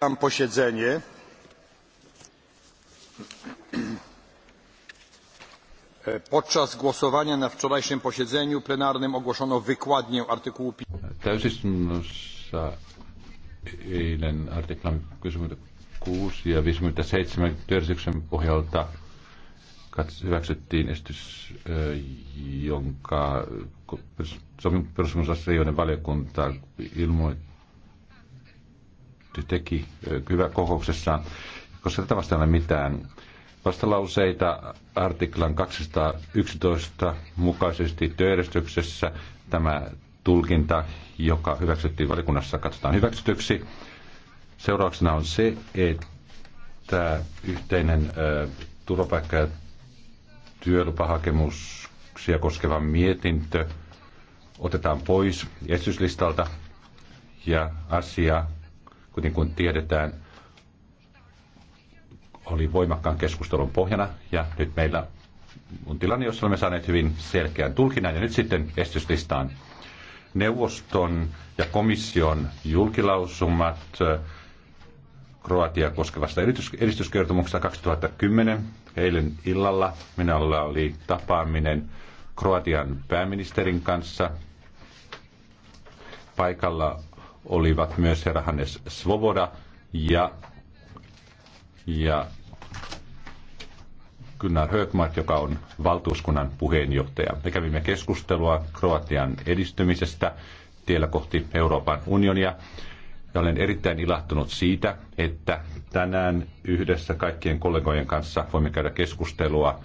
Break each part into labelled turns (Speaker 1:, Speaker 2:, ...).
Speaker 1: otwieram posiedzenie e, podczas głosowania na wczorajszym posiedzeniu plenarnym ogłoszono wykładnię artykułu
Speaker 2: täysistunnossa eilen artiklan 66 ja 57 työjärjestyksen pohjalta hyväksyttiin esitys, e, jonka perusomusasioiden valiokunta ilmoitti teki hyvä kokouksessa, koska tätä vastaan ei mitään vastalauseita artiklan 211 mukaisesti työjärjestyksessä. Tämä tulkinta, joka hyväksyttiin valikunnassa, katsotaan hyväksytyksi. Seurauksena on se, että yhteinen turvapaikka- ja työlupahakemuksia koskeva mietintö otetaan pois esityslistalta ja asia kuten kun niin tiedetään, oli voimakkaan keskustelun pohjana ja nyt meillä on tilanne, jossa olemme saaneet hyvin selkeän tulkinnan ja nyt sitten estyslistaan neuvoston ja komission julkilausumat Kroatia koskevasta edistyskertomuksesta 2010. Eilen illalla minulla oli tapaaminen Kroatian pääministerin kanssa. Paikalla olivat myös herra Hannes Svoboda ja, ja Gunnar Högmark, joka on valtuuskunnan puheenjohtaja. Me kävimme keskustelua Kroatian edistymisestä tiellä kohti Euroopan unionia. Ja olen erittäin ilahtunut siitä, että tänään yhdessä kaikkien kollegojen kanssa voimme käydä keskustelua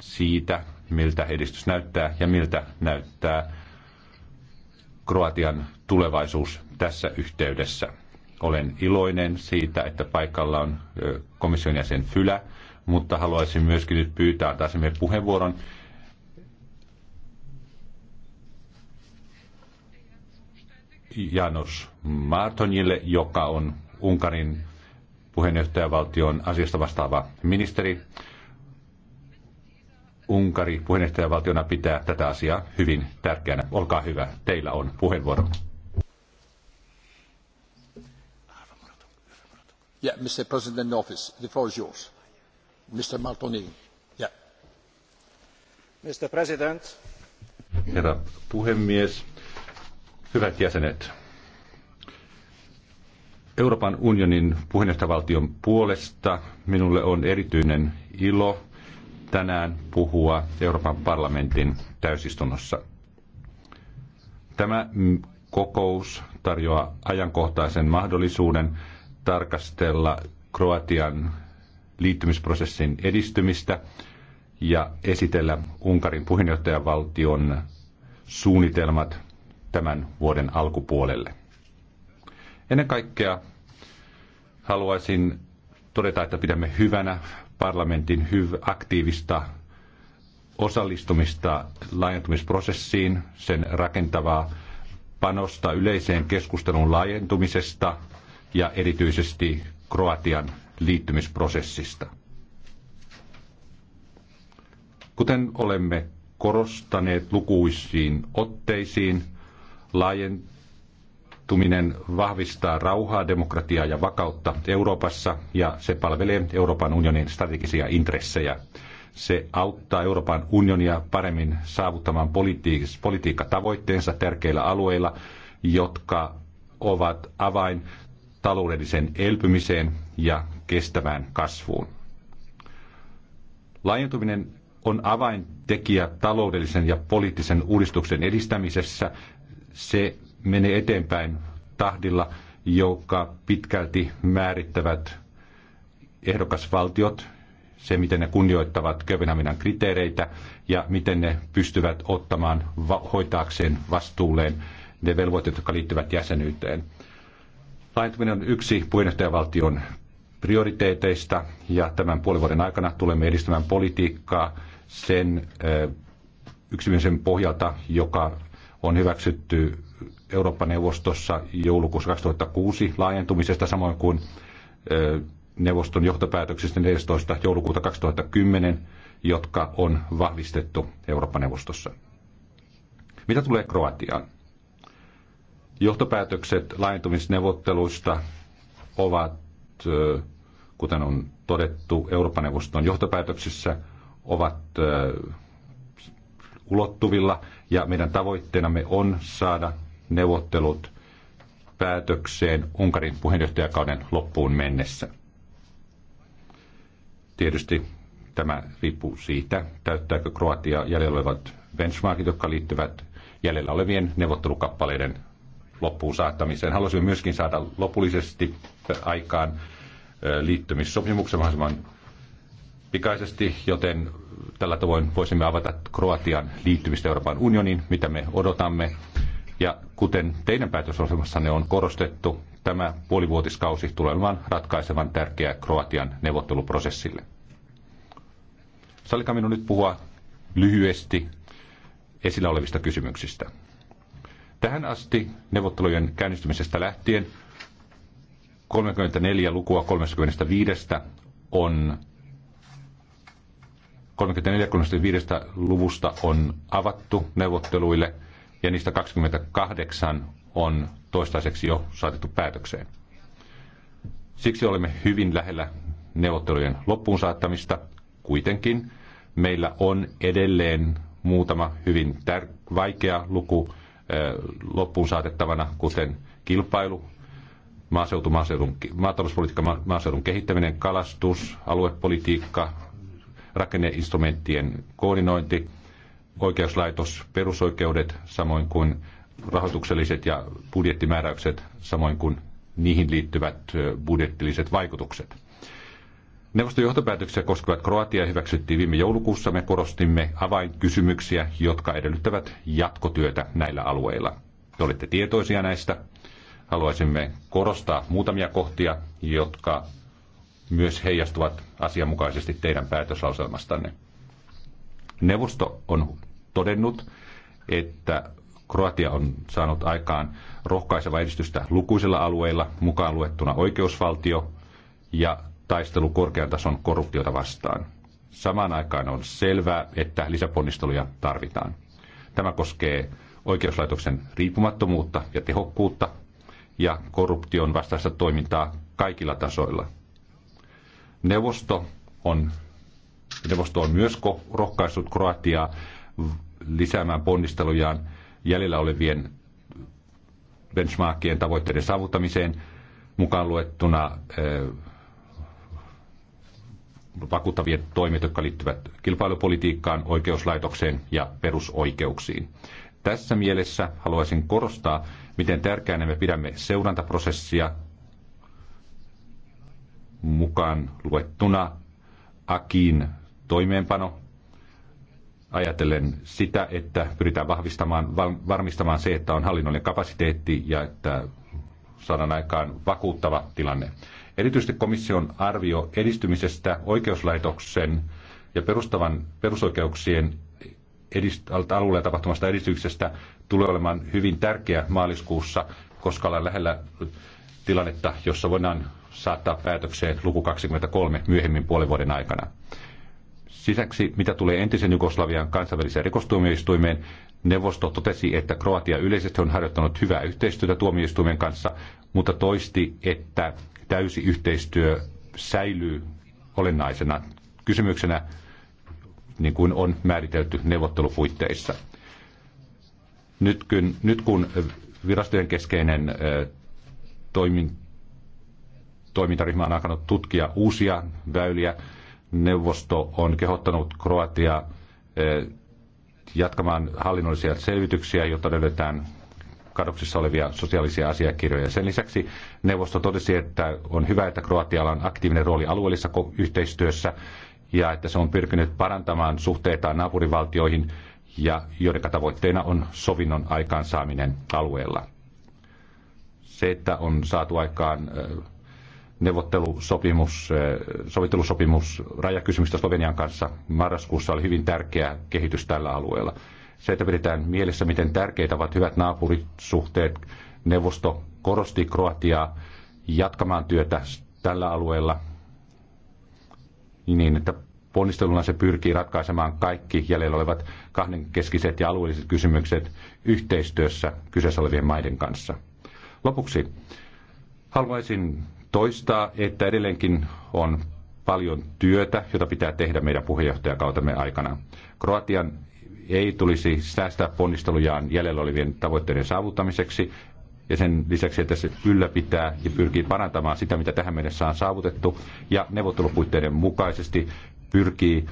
Speaker 2: siitä, miltä edistys näyttää ja miltä näyttää Kroatian tulevaisuus tässä yhteydessä. Olen iloinen siitä, että paikalla on komission jäsen Fylä, mutta haluaisin myöskin nyt pyytää meidän puheenvuoron. Janos Martonille, joka on Unkarin puheenjohtajavaltion asiasta vastaava ministeri. Unkari puheenjohtajavaltiona pitää tätä asiaa hyvin tärkeänä. Olkaa hyvä, teillä on puheenvuoro.
Speaker 1: Mr. President the floor is yours. Mr. President.
Speaker 2: Herra puhemies, hyvät jäsenet. Euroopan unionin puheenjohtajavaltion puolesta minulle on erityinen ilo tänään puhua Euroopan parlamentin täysistunnossa. Tämä kokous tarjoaa ajankohtaisen mahdollisuuden tarkastella Kroatian liittymisprosessin edistymistä ja esitellä Unkarin puheenjohtajavaltion suunnitelmat tämän vuoden alkupuolelle. Ennen kaikkea haluaisin todeta, että pidämme hyvänä parlamentin hyv- aktiivista osallistumista laajentumisprosessiin, sen rakentavaa panosta yleiseen keskusteluun laajentumisesta – ja erityisesti Kroatian liittymisprosessista. Kuten olemme korostaneet lukuisiin otteisiin, laajentuminen vahvistaa rauhaa, demokratiaa ja vakautta Euroopassa ja se palvelee Euroopan unionin strategisia intressejä. Se auttaa Euroopan unionia paremmin saavuttamaan politiikkatavoitteensa tärkeillä alueilla, jotka ovat avain taloudelliseen elpymiseen ja kestävään kasvuun. Laajentuminen on avaintekijä taloudellisen ja poliittisen uudistuksen edistämisessä. Se menee eteenpäin tahdilla, joka pitkälti määrittävät ehdokasvaltiot, se miten ne kunnioittavat Kööpenhaminan kriteereitä ja miten ne pystyvät ottamaan hoitaakseen vastuulleen ne velvoitteet, jotka liittyvät jäsenyyteen. Laajentuminen on yksi puheenjohtajavaltion prioriteeteista ja tämän puolen vuoden aikana tulemme edistämään politiikkaa sen eh, yksimielisen pohjalta, joka on hyväksytty Eurooppa-neuvostossa joulukuussa 2006 laajentumisesta, samoin kuin eh, neuvoston johtopäätöksistä 14. joulukuuta 2010, jotka on vahvistettu Eurooppa-neuvostossa. Mitä tulee Kroatiaan? Johtopäätökset laajentumisneuvotteluista ovat, kuten on todettu Euroopan neuvoston johtopäätöksissä, ovat ulottuvilla ja meidän tavoitteenamme on saada neuvottelut päätökseen Unkarin puheenjohtajakauden loppuun mennessä. Tietysti tämä riippuu siitä, täyttääkö Kroatia jäljellä olevat benchmarkit, jotka liittyvät jäljellä olevien neuvottelukappaleiden loppuun saattamiseen. Haluaisimme myöskin saada lopullisesti aikaan liittymissopimuksen mahdollisimman pikaisesti, joten tällä tavoin voisimme avata Kroatian liittymistä Euroopan unioniin, mitä me odotamme. Ja kuten teidän päätösohjelmassanne on korostettu, tämä puolivuotiskausi tulee olemaan ratkaisevan tärkeä Kroatian neuvotteluprosessille. Salika minun nyt puhua lyhyesti esillä olevista kysymyksistä. Tähän asti neuvottelujen käynnistymisestä lähtien 34 lukua 35 on 34-35 luvusta on avattu neuvotteluille ja niistä 28 on toistaiseksi jo saatettu päätökseen. Siksi olemme hyvin lähellä neuvottelujen loppuun saattamista. Kuitenkin meillä on edelleen muutama hyvin tär- vaikea luku, loppuun saatettavana, kuten kilpailu, maaseutu, maaseudun, maatalouspolitiikka, maaseudun kehittäminen, kalastus, aluepolitiikka, rakenneinstrumenttien koordinointi, oikeuslaitos, perusoikeudet, samoin kuin rahoitukselliset ja budjettimääräykset, samoin kuin niihin liittyvät budjettilliset vaikutukset. Neuvoston johtopäätöksiä koskevat Kroatia hyväksyttiin viime joulukuussa. Me korostimme avainkysymyksiä, jotka edellyttävät jatkotyötä näillä alueilla. Te olette tietoisia näistä. Haluaisimme korostaa muutamia kohtia, jotka myös heijastuvat asianmukaisesti teidän päätöslauselmastanne. Neuvosto on todennut, että Kroatia on saanut aikaan rohkaiseva edistystä lukuisilla alueilla, mukaan luettuna oikeusvaltio ja taistelu korkean tason korruptiota vastaan. Samaan aikaan on selvää, että lisäponnisteluja tarvitaan. Tämä koskee oikeuslaitoksen riippumattomuutta ja tehokkuutta ja korruption vastaista toimintaa kaikilla tasoilla. Neuvosto on, neuvosto on myös rohkaissut Kroatiaa lisäämään ponnistelujaan jäljellä olevien benchmarkien tavoitteiden saavuttamiseen, mukaan luettuna eh, vakuuttavien toimet, jotka liittyvät kilpailupolitiikkaan, oikeuslaitokseen ja perusoikeuksiin. Tässä mielessä haluaisin korostaa, miten tärkeänä me pidämme seurantaprosessia mukaan luettuna AKIin toimeenpano, ajatellen sitä, että pyritään vahvistamaan, varmistamaan se, että on hallinnollinen kapasiteetti ja että saadaan aikaan vakuuttava tilanne. Erityisesti komission arvio edistymisestä oikeuslaitoksen ja perustavan perusoikeuksien edist- alueella tapahtumasta edistyksestä tulee olemaan hyvin tärkeä maaliskuussa, koska ollaan lähellä tilannetta, jossa voidaan saattaa päätökseen luku 23 myöhemmin puolen vuoden aikana. Sisäksi, mitä tulee entisen Jugoslavian kansainväliseen rikostuomioistuimeen, neuvosto totesi, että Kroatia yleisesti on harjoittanut hyvää yhteistyötä tuomioistuimen kanssa, mutta toisti, että täysi yhteistyö säilyy olennaisena kysymyksenä, niin kuin on määritelty neuvottelupuitteissa. Nyt kun, nyt kun virastojen keskeinen toimin, toimintaryhmä on alkanut tutkia uusia väyliä, neuvosto on kehottanut Kroatia eh, jatkamaan hallinnollisia selvityksiä, jotta löydetään kadoksissa olevia sosiaalisia asiakirjoja. Sen lisäksi neuvosto totesi, että on hyvä, että Kroatialla on aktiivinen rooli alueellisessa yhteistyössä ja että se on pyrkinyt parantamaan suhteitaan naapurivaltioihin ja joiden tavoitteena on sovinnon aikaansaaminen alueella. Se, että on saatu aikaan eh, neuvottelusopimus, eh, sovittelusopimus rajakysymystä Slovenian kanssa marraskuussa oli hyvin tärkeä kehitys tällä alueella. Se, että pidetään mielessä, miten tärkeitä ovat hyvät naapurisuhteet, neuvosto korosti Kroatiaa jatkamaan työtä tällä alueella niin, että ponnisteluna se pyrkii ratkaisemaan kaikki jäljellä olevat kahdenkeskiset ja alueelliset kysymykset yhteistyössä kyseessä olevien maiden kanssa. Lopuksi haluaisin toistaa, että edelleenkin on paljon työtä, jota pitää tehdä meidän puheenjohtajakautemme aikana. Kroatian ei tulisi säästää ponnistelujaan jäljellä olevien tavoitteiden saavuttamiseksi, ja sen lisäksi, että se ylläpitää ja pyrkii parantamaan sitä, mitä tähän mennessä on saavutettu, ja neuvottelupuitteiden mukaisesti pyrkii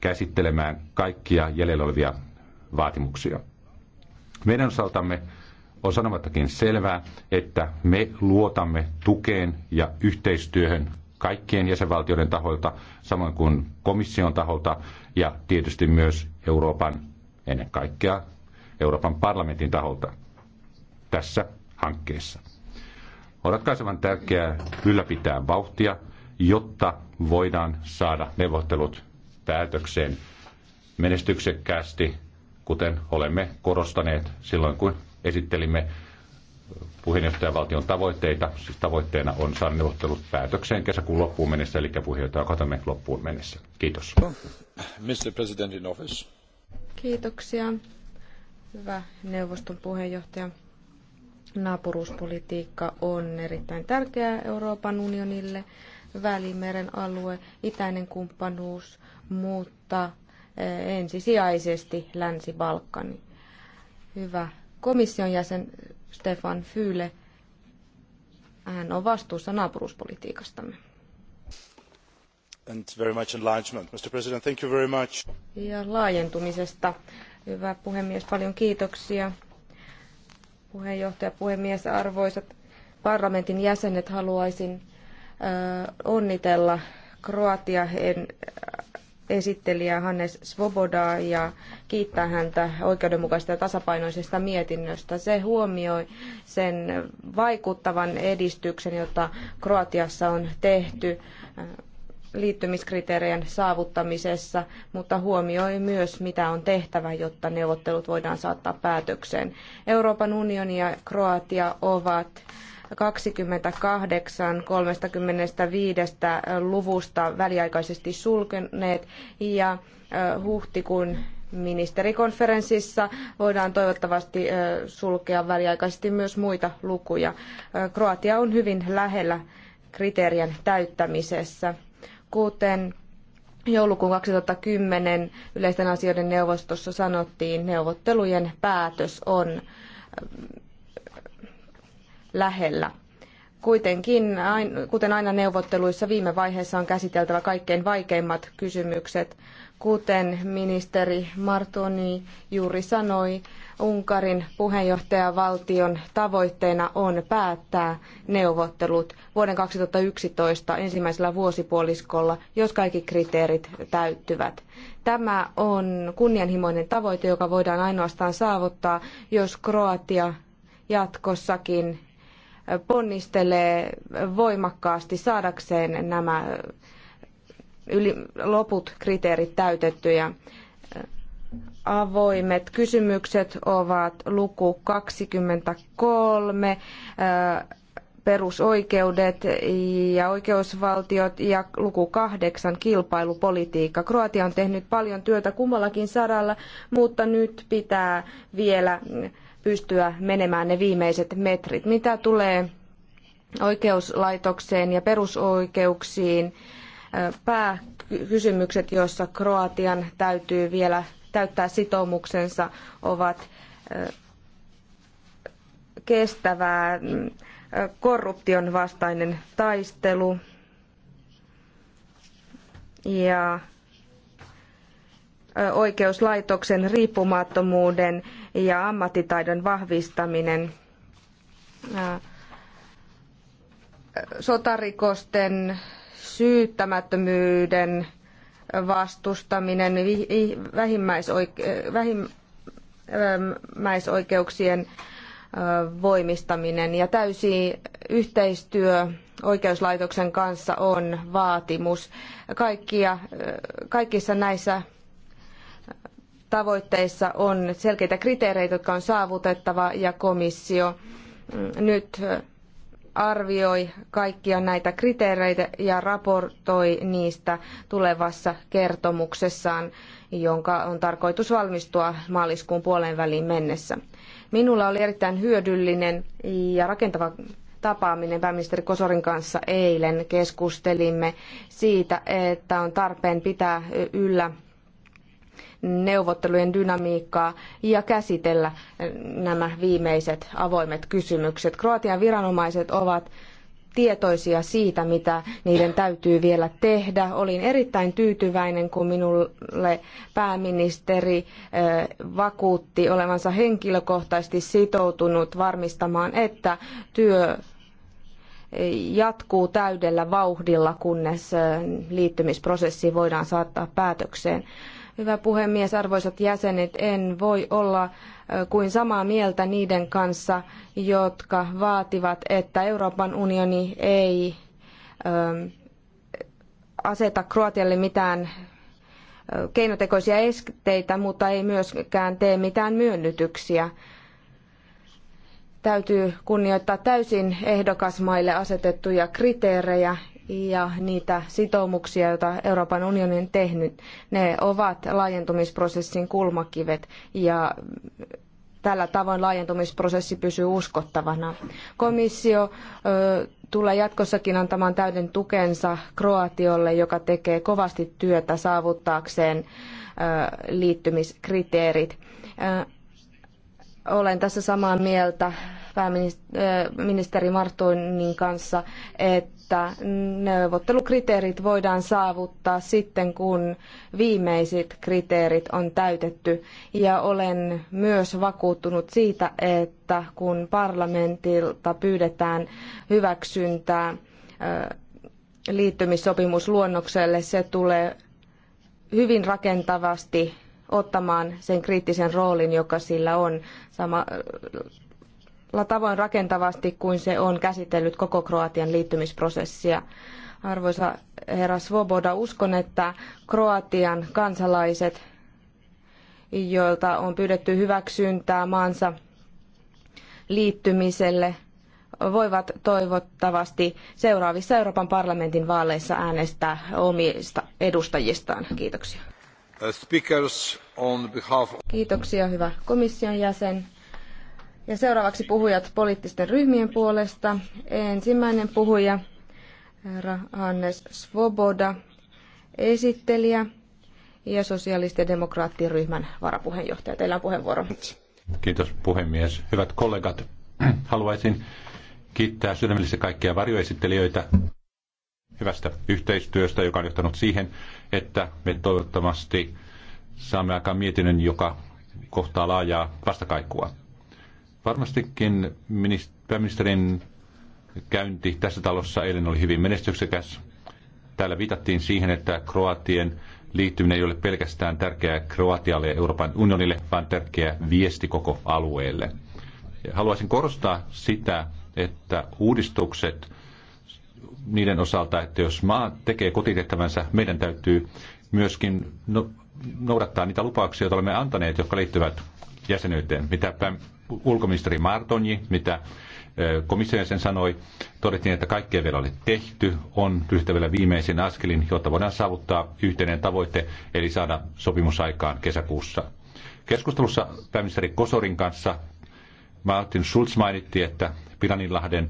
Speaker 2: käsittelemään kaikkia jäljellä olevia vaatimuksia. Meidän osaltamme on sanomattakin selvää, että me luotamme tukeen ja yhteistyöhön kaikkien jäsenvaltioiden taholta, samoin kuin komission taholta ja tietysti myös Euroopan, ennen kaikkea Euroopan parlamentin taholta tässä hankkeessa. On ratkaisevan tärkeää ylläpitää vauhtia, jotta voidaan saada neuvottelut päätökseen menestyksekkäästi, kuten olemme korostaneet silloin, kun esittelimme puheenjohtajavaltion tavoitteita. Siis tavoitteena on saada neuvottelut päätökseen kesäkuun loppuun mennessä, eli puheenjohtajakautemme loppuun mennessä.
Speaker 1: Kiitos. Mr. President in office.
Speaker 3: Kiitoksia. Hyvä neuvoston puheenjohtaja. Naapuruuspolitiikka on erittäin tärkeää Euroopan unionille. Välimeren alue, itäinen kumppanuus, mutta eh, ensisijaisesti Länsi-Balkani. Hyvä komission jäsen Stefan Füle. Hän on vastuussa naapuruuspolitiikastamme.
Speaker 1: And very much enlargement. Mr. President, thank you very much.
Speaker 3: Ja laajentumisesta. Hyvä puhemies, paljon kiitoksia. Puheenjohtaja, puhemies, arvoisat parlamentin jäsenet, haluaisin onnitella Kroatia esittelijä Hannes Svobodaa ja kiittää häntä oikeudenmukaisesta ja tasapainoisesta mietinnöstä. Se huomioi sen vaikuttavan edistyksen, jota Kroatiassa on tehty äh, liittymiskriteerien saavuttamisessa, mutta huomioi myös, mitä on tehtävä, jotta neuvottelut voidaan saattaa päätökseen. Euroopan unioni ja Kroatia ovat 28 35 luvusta väliaikaisesti sulkeneet ja huhtikuun ministerikonferenssissa voidaan toivottavasti sulkea väliaikaisesti myös muita lukuja. Kroatia on hyvin lähellä kriteerien täyttämisessä. Kuten joulukuun 2010 yleisten asioiden neuvostossa sanottiin, neuvottelujen päätös on lähellä. Kuitenkin, kuten aina neuvotteluissa, viime vaiheessa on käsiteltävä kaikkein vaikeimmat kysymykset. Kuten ministeri Martoni juuri sanoi, Unkarin puheenjohtajavaltion tavoitteena on päättää neuvottelut vuoden 2011 ensimmäisellä vuosipuoliskolla, jos kaikki kriteerit täyttyvät. Tämä on kunnianhimoinen tavoite, joka voidaan ainoastaan saavuttaa, jos Kroatia jatkossakin ponnistelee voimakkaasti saadakseen nämä yli, loput kriteerit täytettyjä. Avoimet kysymykset ovat luku 23, äh, perusoikeudet ja oikeusvaltiot ja luku 8, kilpailupolitiikka. Kroatia on tehnyt paljon työtä kummallakin saralla, mutta nyt pitää vielä pystyä menemään ne viimeiset metrit. Mitä tulee oikeuslaitokseen ja perusoikeuksiin, äh, pääkysymykset, joissa Kroatian täytyy vielä täyttää sitoumuksensa, ovat äh, kestävää äh, korruption vastainen taistelu ja oikeuslaitoksen riippumattomuuden ja ammattitaidon vahvistaminen sotarikosten syyttämättömyyden vastustaminen, vähimmäisoikeuksien voimistaminen ja täysi yhteistyö oikeuslaitoksen kanssa on vaatimus. Kaikkia, kaikissa näissä tavoitteissa on selkeitä kriteereitä, jotka on saavutettava ja komissio mm, nyt arvioi kaikkia näitä kriteereitä ja raportoi niistä tulevassa kertomuksessaan, jonka on tarkoitus valmistua maaliskuun puoleen väliin mennessä. Minulla oli erittäin hyödyllinen ja rakentava tapaaminen pääministeri Kosorin kanssa eilen. Keskustelimme siitä, että on tarpeen pitää yllä neuvottelujen dynamiikkaa ja käsitellä nämä viimeiset avoimet kysymykset. Kroatian viranomaiset ovat tietoisia siitä, mitä niiden täytyy vielä tehdä. Olin erittäin tyytyväinen, kun minulle pääministeri eh, vakuutti olevansa henkilökohtaisesti sitoutunut varmistamaan, että työ eh, jatkuu täydellä vauhdilla, kunnes eh, liittymisprosessi voidaan saattaa päätökseen. Hyvä puhemies, arvoisat jäsenet, en voi olla kuin samaa mieltä niiden kanssa, jotka vaativat, että Euroopan unioni ei aseta Kroatialle mitään keinotekoisia esteitä, mutta ei myöskään tee mitään myönnytyksiä. Täytyy kunnioittaa täysin ehdokasmaille asetettuja kriteerejä ja niitä sitoumuksia, joita Euroopan unioni on tehnyt, ne ovat laajentumisprosessin kulmakivet ja tällä tavoin laajentumisprosessi pysyy uskottavana. Komissio ö, tulee jatkossakin antamaan täyden tukensa Kroatiolle, joka tekee kovasti työtä saavuttaakseen ö, liittymiskriteerit. Ö, olen tässä samaa mieltä pääministeri Martonin kanssa, että neuvottelukriteerit voidaan saavuttaa sitten, kun viimeiset kriteerit on täytetty. Ja olen myös vakuuttunut siitä, että kun parlamentilta pyydetään hyväksyntää liittymissopimusluonnokselle, se tulee hyvin rakentavasti ottamaan sen kriittisen roolin, joka sillä on. Sama tavoin rakentavasti kuin se on käsitellyt koko Kroatian liittymisprosessia. Arvoisa herra Svoboda, uskon, että Kroatian kansalaiset, joilta on pyydetty hyväksyntää maansa liittymiselle, voivat toivottavasti seuraavissa Euroopan parlamentin vaaleissa äänestää omista edustajistaan. Kiitoksia.
Speaker 1: Uh,
Speaker 3: Kiitoksia, hyvä komission jäsen. Ja seuraavaksi puhujat poliittisten ryhmien puolesta. Ensimmäinen puhuja, herra Hannes Svoboda, esittelijä ja sosiaalisten demokraattien ryhmän varapuheenjohtaja. Teillä on puheenvuoro.
Speaker 2: Kiitos puhemies. Hyvät kollegat, haluaisin kiittää sydämellisesti kaikkia varjoesittelijöitä hyvästä yhteistyöstä, joka on johtanut siihen, että me toivottavasti saamme aikaan mietinnön, joka kohtaa laajaa vastakaikua. Varmastikin pääministerin käynti tässä talossa eilen oli hyvin menestyksekäs. Täällä viitattiin siihen, että Kroatien liittyminen ei ole pelkästään tärkeää Kroatialle ja Euroopan unionille, vaan tärkeä viesti koko alueelle. Haluaisin korostaa sitä, että uudistukset niiden osalta, että jos maa tekee kotitehtävänsä, meidän täytyy myöskin no-, noudattaa niitä lupauksia, joita olemme antaneet, jotka liittyvät jäsenyyteen. Mitä ulkoministeri Martoni, mitä komissio sen sanoi, todettiin, että kaikkea vielä oli tehty, on ryhtävällä viimeisin askelin, jotta voidaan saavuttaa yhteinen tavoite, eli saada sopimus aikaan kesäkuussa. Keskustelussa pääministeri Kosorin kanssa Martin Schulz mainitti, että Piraninlahden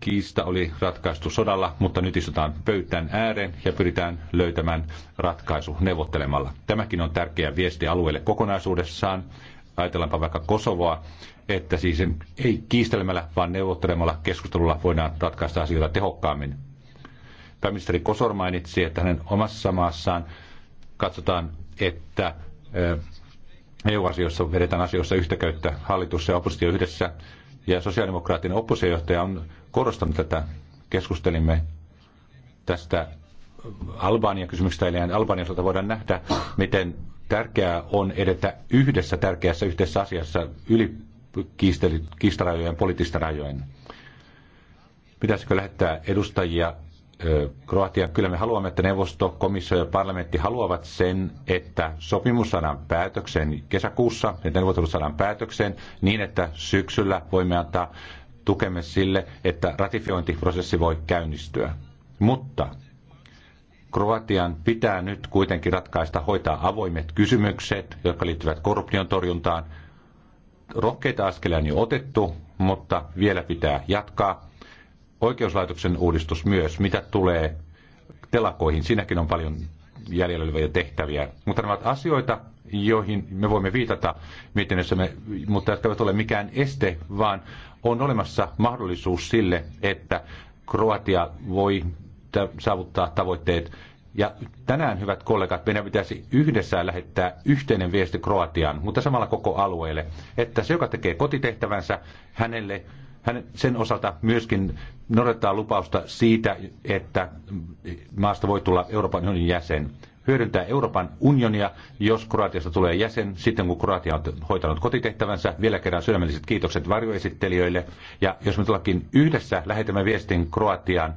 Speaker 2: kiista oli ratkaistu sodalla, mutta nyt istutaan pöytään ääreen ja pyritään löytämään ratkaisu neuvottelemalla. Tämäkin on tärkeä viesti alueelle kokonaisuudessaan. Ajatellaanpa vaikka Kosovoa, että siis ei kiistelemällä, vaan neuvottelemalla keskustelulla voidaan ratkaista asioita tehokkaammin. Pääministeri Kosor mainitsi, että hänen omassa maassaan katsotaan, että eh, EU-asioissa vedetään asioissa yhtä käyttä hallitus ja oppositio yhdessä. Ja sosiaalidemokraattinen oppositiojohtaja on korostanut tätä. Keskustelimme tästä Albanian kysymyksestä, eli Albanian osalta voidaan nähdä, miten tärkeää on edetä yhdessä tärkeässä yhteisessä asiassa yli kiistarajojen, poliittisten rajojen. Pitäisikö lähettää edustajia Kroatian? Kyllä me haluamme, että neuvosto, komissio ja parlamentti haluavat sen, että sopimus saadaan päätökseen kesäkuussa, että neuvottelut saadaan päätökseen niin, että syksyllä voimme antaa tukemme sille, että ratifiointiprosessi voi käynnistyä. Mutta Kroatian pitää nyt kuitenkin ratkaista hoitaa avoimet kysymykset, jotka liittyvät korruption torjuntaan, rohkeita askelia on jo otettu, mutta vielä pitää jatkaa. Oikeuslaitoksen uudistus myös, mitä tulee telakoihin, siinäkin on paljon jäljellä olevia tehtäviä. Mutta nämä ovat asioita, joihin me voimme viitata mietinnössämme, mutta jotka eivät ole mikään este, vaan on olemassa mahdollisuus sille, että Kroatia voi saavuttaa tavoitteet ja tänään, hyvät kollegat, meidän pitäisi yhdessä lähettää yhteinen viesti Kroatiaan, mutta samalla koko alueelle, että se, joka tekee kotitehtävänsä, hänelle, hän sen osalta myöskin noudattaa lupausta siitä, että maasta voi tulla Euroopan unionin jäsen. Hyödyntää Euroopan unionia, jos Kroatiasta tulee jäsen, sitten kun Kroatia on hoitanut kotitehtävänsä. Vielä kerran sydämelliset kiitokset varjoesittelijöille. Ja jos me tullakin yhdessä lähetämme viestin Kroatiaan,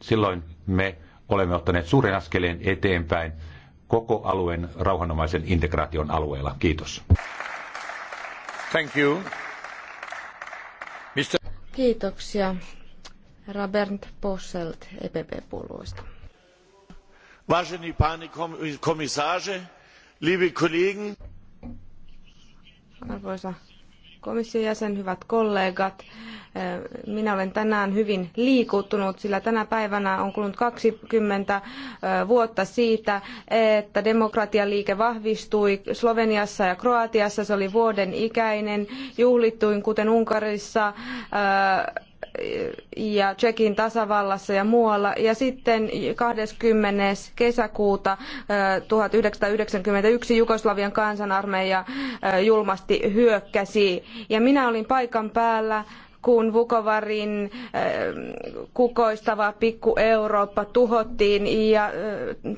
Speaker 2: silloin me olemme ottaneet suuren askeleen eteenpäin koko alueen rauhanomaisen integraation alueella. Kiitos. Thank you.
Speaker 3: Kiitoksia. Herra Bernd Posselt EPP-puolueesta.
Speaker 1: Vážený pane liebe Kollegen.
Speaker 3: Arvoisa komission jäsen, hyvät kollegat. Eh, minä olen tänään hyvin liikuttunut, sillä tänä päivänä on kulunut 20 eh, vuotta siitä, että demokratialiike vahvistui Sloveniassa ja Kroatiassa. Se oli vuoden ikäinen, juhlittuin kuten Unkarissa eh, ja Tsekin tasavallassa ja muualla. Ja sitten 20. kesäkuuta 1991 Jugoslavian kansanarmeija julmasti hyökkäsi. Ja minä olin paikan päällä kun Vukovarin kukoistava pikku Eurooppa tuhottiin ja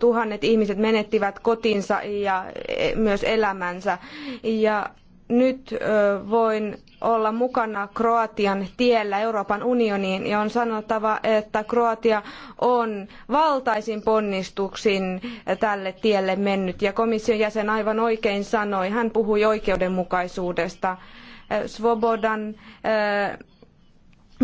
Speaker 3: tuhannet ihmiset menettivät kotinsa ja e, myös elämänsä. Ja nyt voin olla mukana Kroatian tiellä Euroopan unioniin ja on sanottava, että Kroatia on valtaisin ponnistuksin tälle tielle mennyt ja komission jäsen aivan oikein sanoi, hän puhui oikeudenmukaisuudesta. Svobodan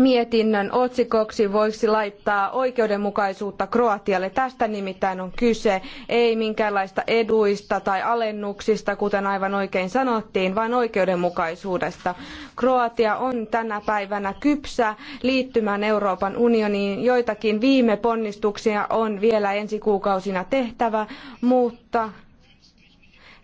Speaker 3: mietinnön otsikoksi voisi laittaa oikeudenmukaisuutta Kroatialle. Tästä nimittäin on kyse, ei minkäänlaista eduista tai alennuksista, kuten aivan oikein sanottiin, vaan oikeudenmukaisuudesta. Kroatia on tänä päivänä kypsä liittymään Euroopan unioniin. Joitakin viime ponnistuksia on vielä ensi kuukausina tehtävä, mutta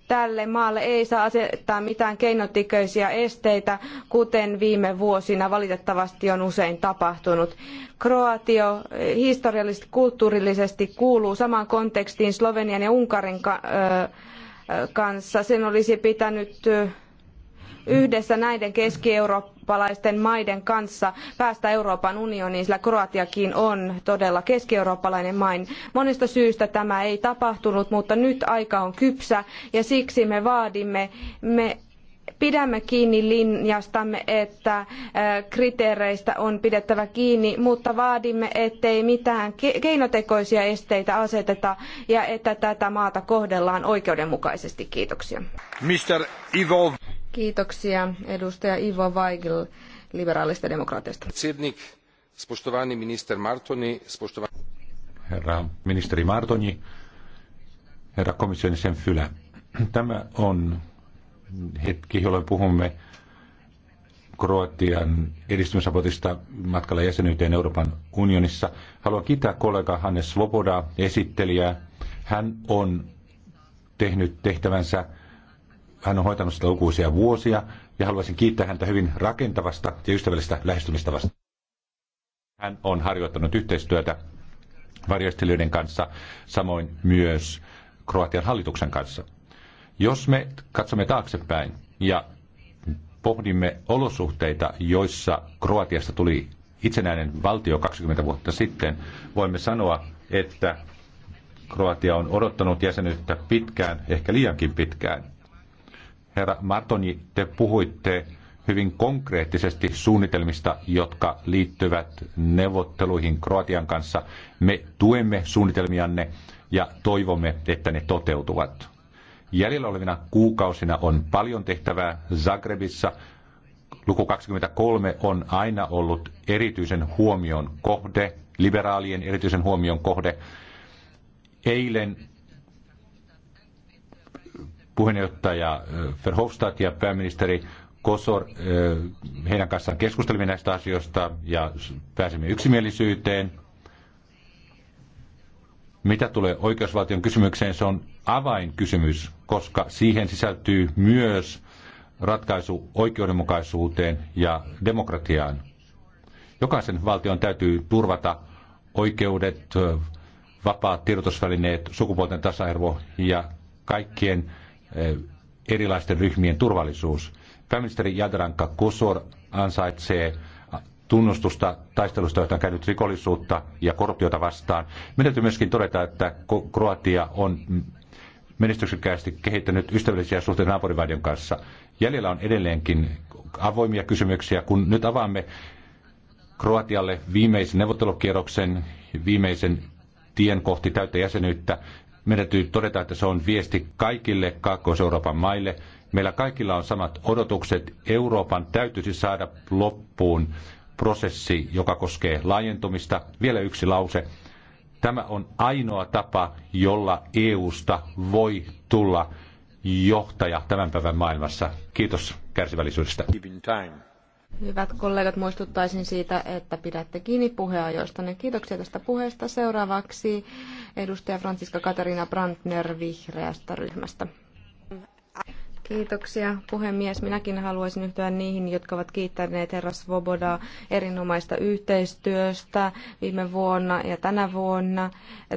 Speaker 3: Tälle maalle ei saa asettaa mitään keinotiköisiä esteitä, kuten viime vuosina valitettavasti on usein tapahtunut. Kroatio historiallisesti kulttuurillisesti kuuluu samaan kontekstiin Slovenian ja Unkarin kanssa. Sen olisi pitänyt yhdessä näiden keskieurooppalaisten maiden kanssa päästä Euroopan unioniin, sillä Kroatiakin on todella keskieurooppalainen eurooppalainen main. Monista syystä tämä ei tapahtunut, mutta nyt aika on kypsä ja siksi me vaadimme, me pidämme kiinni linjastamme, että äh, kriteereistä on pidettävä kiinni, mutta vaadimme, ettei mitään keinotekoisia esteitä aseteta ja että tätä maata kohdellaan oikeudenmukaisesti. Kiitoksia.
Speaker 1: Mr. Ivo.
Speaker 3: Kiitoksia edustaja Ivo Weigl liberaalista demokraatista.
Speaker 1: Spoštovani minister Martoni, spoštovani...
Speaker 2: Herra ministeri Martoni, herra komission sen Fylä. Tämä on hetki, jolloin puhumme Kroatian edistymisapotista matkalla jäsenyyteen Euroopan unionissa. Haluan kiittää kollega Hannes Svoboda, esittelijää. Hän on tehnyt tehtävänsä hän on hoitanut sitä lukuisia vuosia ja haluaisin kiittää häntä hyvin rakentavasta ja ystävällistä lähestymistavasta. Hän on harjoittanut yhteistyötä varjostelijoiden kanssa, samoin myös Kroatian hallituksen kanssa. Jos me katsomme taaksepäin ja pohdimme olosuhteita, joissa Kroatiasta tuli itsenäinen valtio 20 vuotta sitten, voimme sanoa, että Kroatia on odottanut jäsenyyttä pitkään, ehkä liiankin pitkään. Herra Martoni, te puhuitte hyvin konkreettisesti suunnitelmista, jotka liittyvät neuvotteluihin Kroatian kanssa. Me tuemme suunnitelmianne ja toivomme, että ne toteutuvat. Jäljellä olevina kuukausina on paljon tehtävää Zagrebissa. Luku 23 on aina ollut erityisen huomion kohde, liberaalien erityisen huomion kohde. Eilen puheenjohtaja äh, Verhofstadt ja pääministeri Kosor, äh, heidän kanssaan keskustelimme näistä asioista ja pääsimme yksimielisyyteen. Mitä tulee oikeusvaltion kysymykseen, se on avainkysymys, koska siihen sisältyy myös ratkaisu oikeudenmukaisuuteen ja demokratiaan. Jokaisen valtion täytyy turvata oikeudet, äh, vapaat tiedotusvälineet, sukupuolten tasa-arvo ja kaikkien Eh, erilaisten ryhmien turvallisuus. Pääministeri Jadranka Kusor ansaitsee tunnustusta taistelusta, jota on käynyt rikollisuutta ja korruptiota vastaan. Meidän täytyy myöskin todeta, että Kroatia on menestyksekkäästi kehittänyt ystävällisiä suhteita naapurivaltion kanssa. Jäljellä on edelleenkin avoimia kysymyksiä. Kun nyt avaamme Kroatialle viimeisen neuvottelukierroksen, viimeisen tien kohti täyttä jäsenyyttä, meidän täytyy todeta, että se on viesti kaikille Kaakkois-Euroopan maille. Meillä kaikilla on samat odotukset. Euroopan täytyisi saada loppuun prosessi, joka koskee laajentumista. Vielä yksi lause. Tämä on ainoa tapa, jolla EUsta voi tulla johtaja tämän päivän maailmassa. Kiitos kärsivällisyydestä.
Speaker 3: Hyvät kollegat, muistuttaisin siitä, että pidätte kiinni puheajoista. Niin kiitoksia tästä puheesta. Seuraavaksi edustaja Franciska Katarina Brandner vihreästä ryhmästä. Kiitoksia puhemies. Minäkin haluaisin yhtyä niihin, jotka ovat kiittäneet herra Svobodaa erinomaista yhteistyöstä viime vuonna ja tänä vuonna.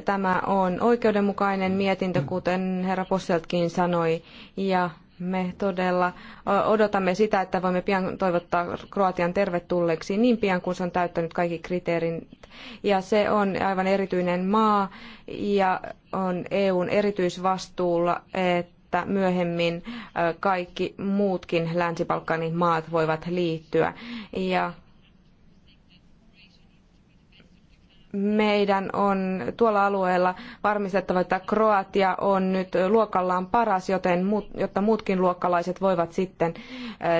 Speaker 3: Tämä on oikeudenmukainen mietintö, kuten herra Posseltkin sanoi, ja me todella odotamme sitä, että voimme pian toivottaa Kroatian tervetulleeksi niin pian kuin se on täyttänyt kaikki kriteerin. Ja se on aivan erityinen maa ja on EUn erityisvastuulla, että myöhemmin kaikki muutkin länsi maat voivat liittyä. Ja meidän on tuolla alueella varmistettava, että Kroatia on nyt luokallaan paras, joten muut, jotta muutkin luokkalaiset voivat sitten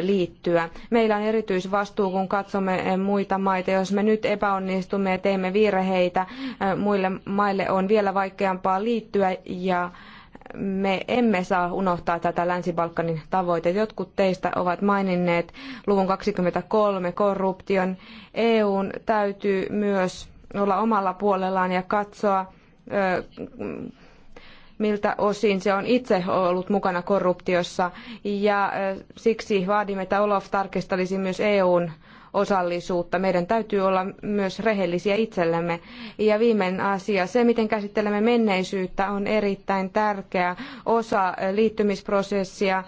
Speaker 3: liittyä. Meillä on erityisvastuu, kun katsomme muita maita. Jos me nyt epäonnistumme ja teemme virheitä, muille maille on vielä vaikeampaa liittyä ja me emme saa unohtaa tätä Länsi-Balkanin tavoitetta. Jotkut teistä ovat maininneet luvun 23 korruption. EUn täytyy myös olla omalla puolellaan ja katsoa miltä osin se on itse ollut mukana korruptiossa ja siksi vaadimme, että Olaf tarkistelisi myös EUn osallisuutta. Meidän täytyy olla myös rehellisiä itsellemme. Ja viimeinen asia, se miten käsittelemme menneisyyttä on erittäin tärkeä osa liittymisprosessia.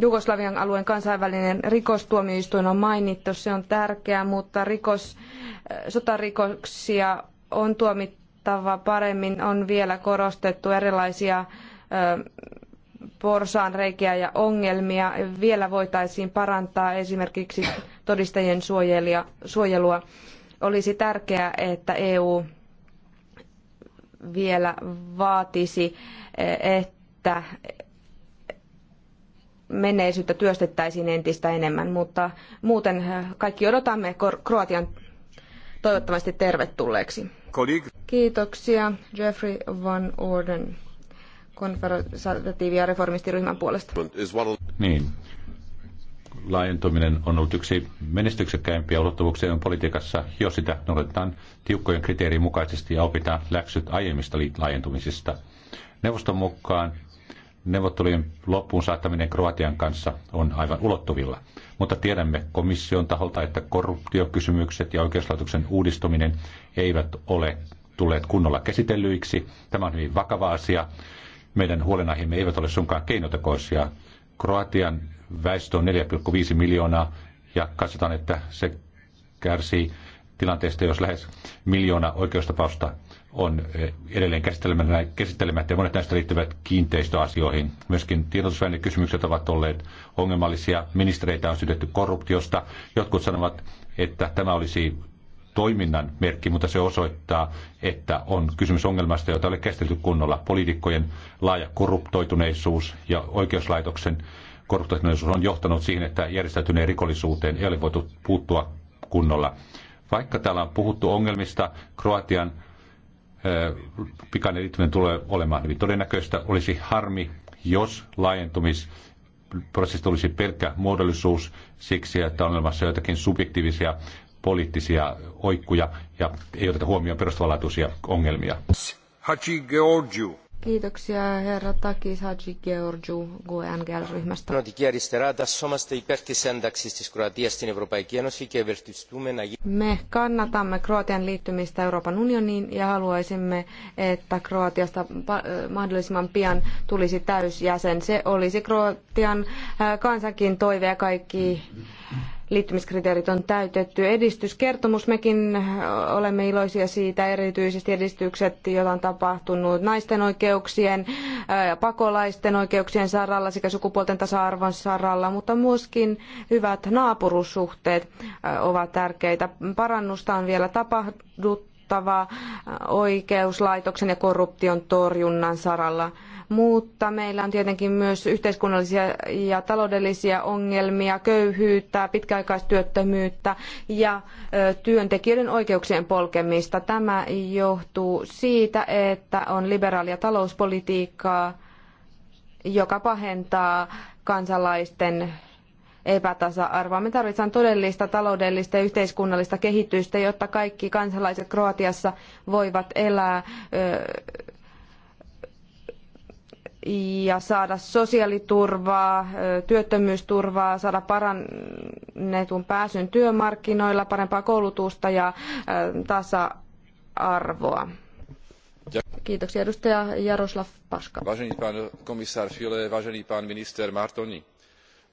Speaker 3: Jugoslavian alueen kansainvälinen rikostuomioistuin on mainittu, se on tärkeä, mutta rikos, sotarikoksia on tuomittu huomattava paremmin on vielä korostettu erilaisia porsaanreikiä ja ongelmia. Vielä voitaisiin parantaa esimerkiksi todistajien suojelua. Olisi tärkeää, että EU vielä vaatisi, e, että menneisyyttä työstettäisiin entistä enemmän, mutta muuten kaikki odotamme Kroatian toivottavasti tervetulleeksi. Kiitoksia Jeffrey Van Orden konferensatiivi- ja reformistiryhmän puolesta.
Speaker 2: Niin. Laajentuminen on ollut yksi menestyksekkäimpiä ulottuvuuksia politiikassa, jos sitä noudatetaan tiukkojen kriteerien mukaisesti ja opitaan läksyt aiemmista laajentumisista. Neuvoston mukaan neuvottelujen loppuun saattaminen Kroatian kanssa on aivan ulottuvilla. Mutta tiedämme komission taholta, että korruptiokysymykset ja oikeuslaitoksen uudistuminen eivät ole tulleet kunnolla käsitellyiksi. Tämä on hyvin vakava asia. Meidän huolenaiheemme eivät ole sunkaan keinotekoisia. Kroatian väestö on 4,5 miljoonaa ja katsotaan, että se kärsii tilanteesta, jos lähes miljoona oikeustapausta on edelleen käsittelemättä ja monet näistä liittyvät kiinteistöasioihin. Myöskin tiedotusvälinekysymykset ovat olleet ongelmallisia. Ministereitä on sydetty korruptiosta. Jotkut sanovat, että tämä olisi toiminnan merkki, mutta se osoittaa, että on kysymys ongelmasta, jota ei ole käsitelty kunnolla. Poliitikkojen laaja korruptoituneisuus ja oikeuslaitoksen korruptoituneisuus on johtanut siihen, että järjestäytyneen rikollisuuteen ei ole voitu puuttua kunnolla. Vaikka täällä on puhuttu ongelmista, Kroatian pikainen liittyminen tulee olemaan hyvin todennäköistä. Olisi harmi, jos laajentumis prosessi olisi pelkkä muodollisuus siksi, että on olemassa joitakin subjektiivisia poliittisia oikkuja ja ei oteta huomioon perustavanlaatuisia
Speaker 1: ongelmia. Hachi Georgiou.
Speaker 3: Kiitoksia herra Takis Hadji Georgiou GUE-NGL-ryhmästä. Me kannatamme Kroatian liittymistä Euroopan unioniin ja haluaisimme, että Kroatiasta mahdollisimman pian tulisi täysjäsen. Se olisi Kroatian kansakin toive ja kaikki liittymiskriteerit on täytetty. Edistyskertomus, mekin olemme iloisia siitä, erityisesti edistykset, joita on tapahtunut naisten oikeuksien, pakolaisten oikeuksien saralla sekä sukupuolten tasa-arvon saralla, mutta myöskin hyvät naapurussuhteet ovat tärkeitä. Parannusta on vielä tapahduttava oikeuslaitoksen ja korruption torjunnan saralla mutta meillä on tietenkin myös yhteiskunnallisia ja taloudellisia ongelmia, köyhyyttä, pitkäaikaistyöttömyyttä ja työntekijöiden oikeuksien polkemista. Tämä johtuu siitä, että on liberaalia talouspolitiikkaa, joka pahentaa kansalaisten epätasa-arvoa. Me tarvitsemme todellista taloudellista ja yhteiskunnallista kehitystä, jotta kaikki kansalaiset Kroatiassa voivat elää ja saada sosiaaliturvaa, työttömyysturvaa, saada parannetun pääsyn työmarkkinoilla, parempaa koulutusta ja tasa-arvoa. Kiitoksia edustaja Jaroslav
Speaker 1: Paska. Vážený pán komisár File, vážený pán minister Martoni,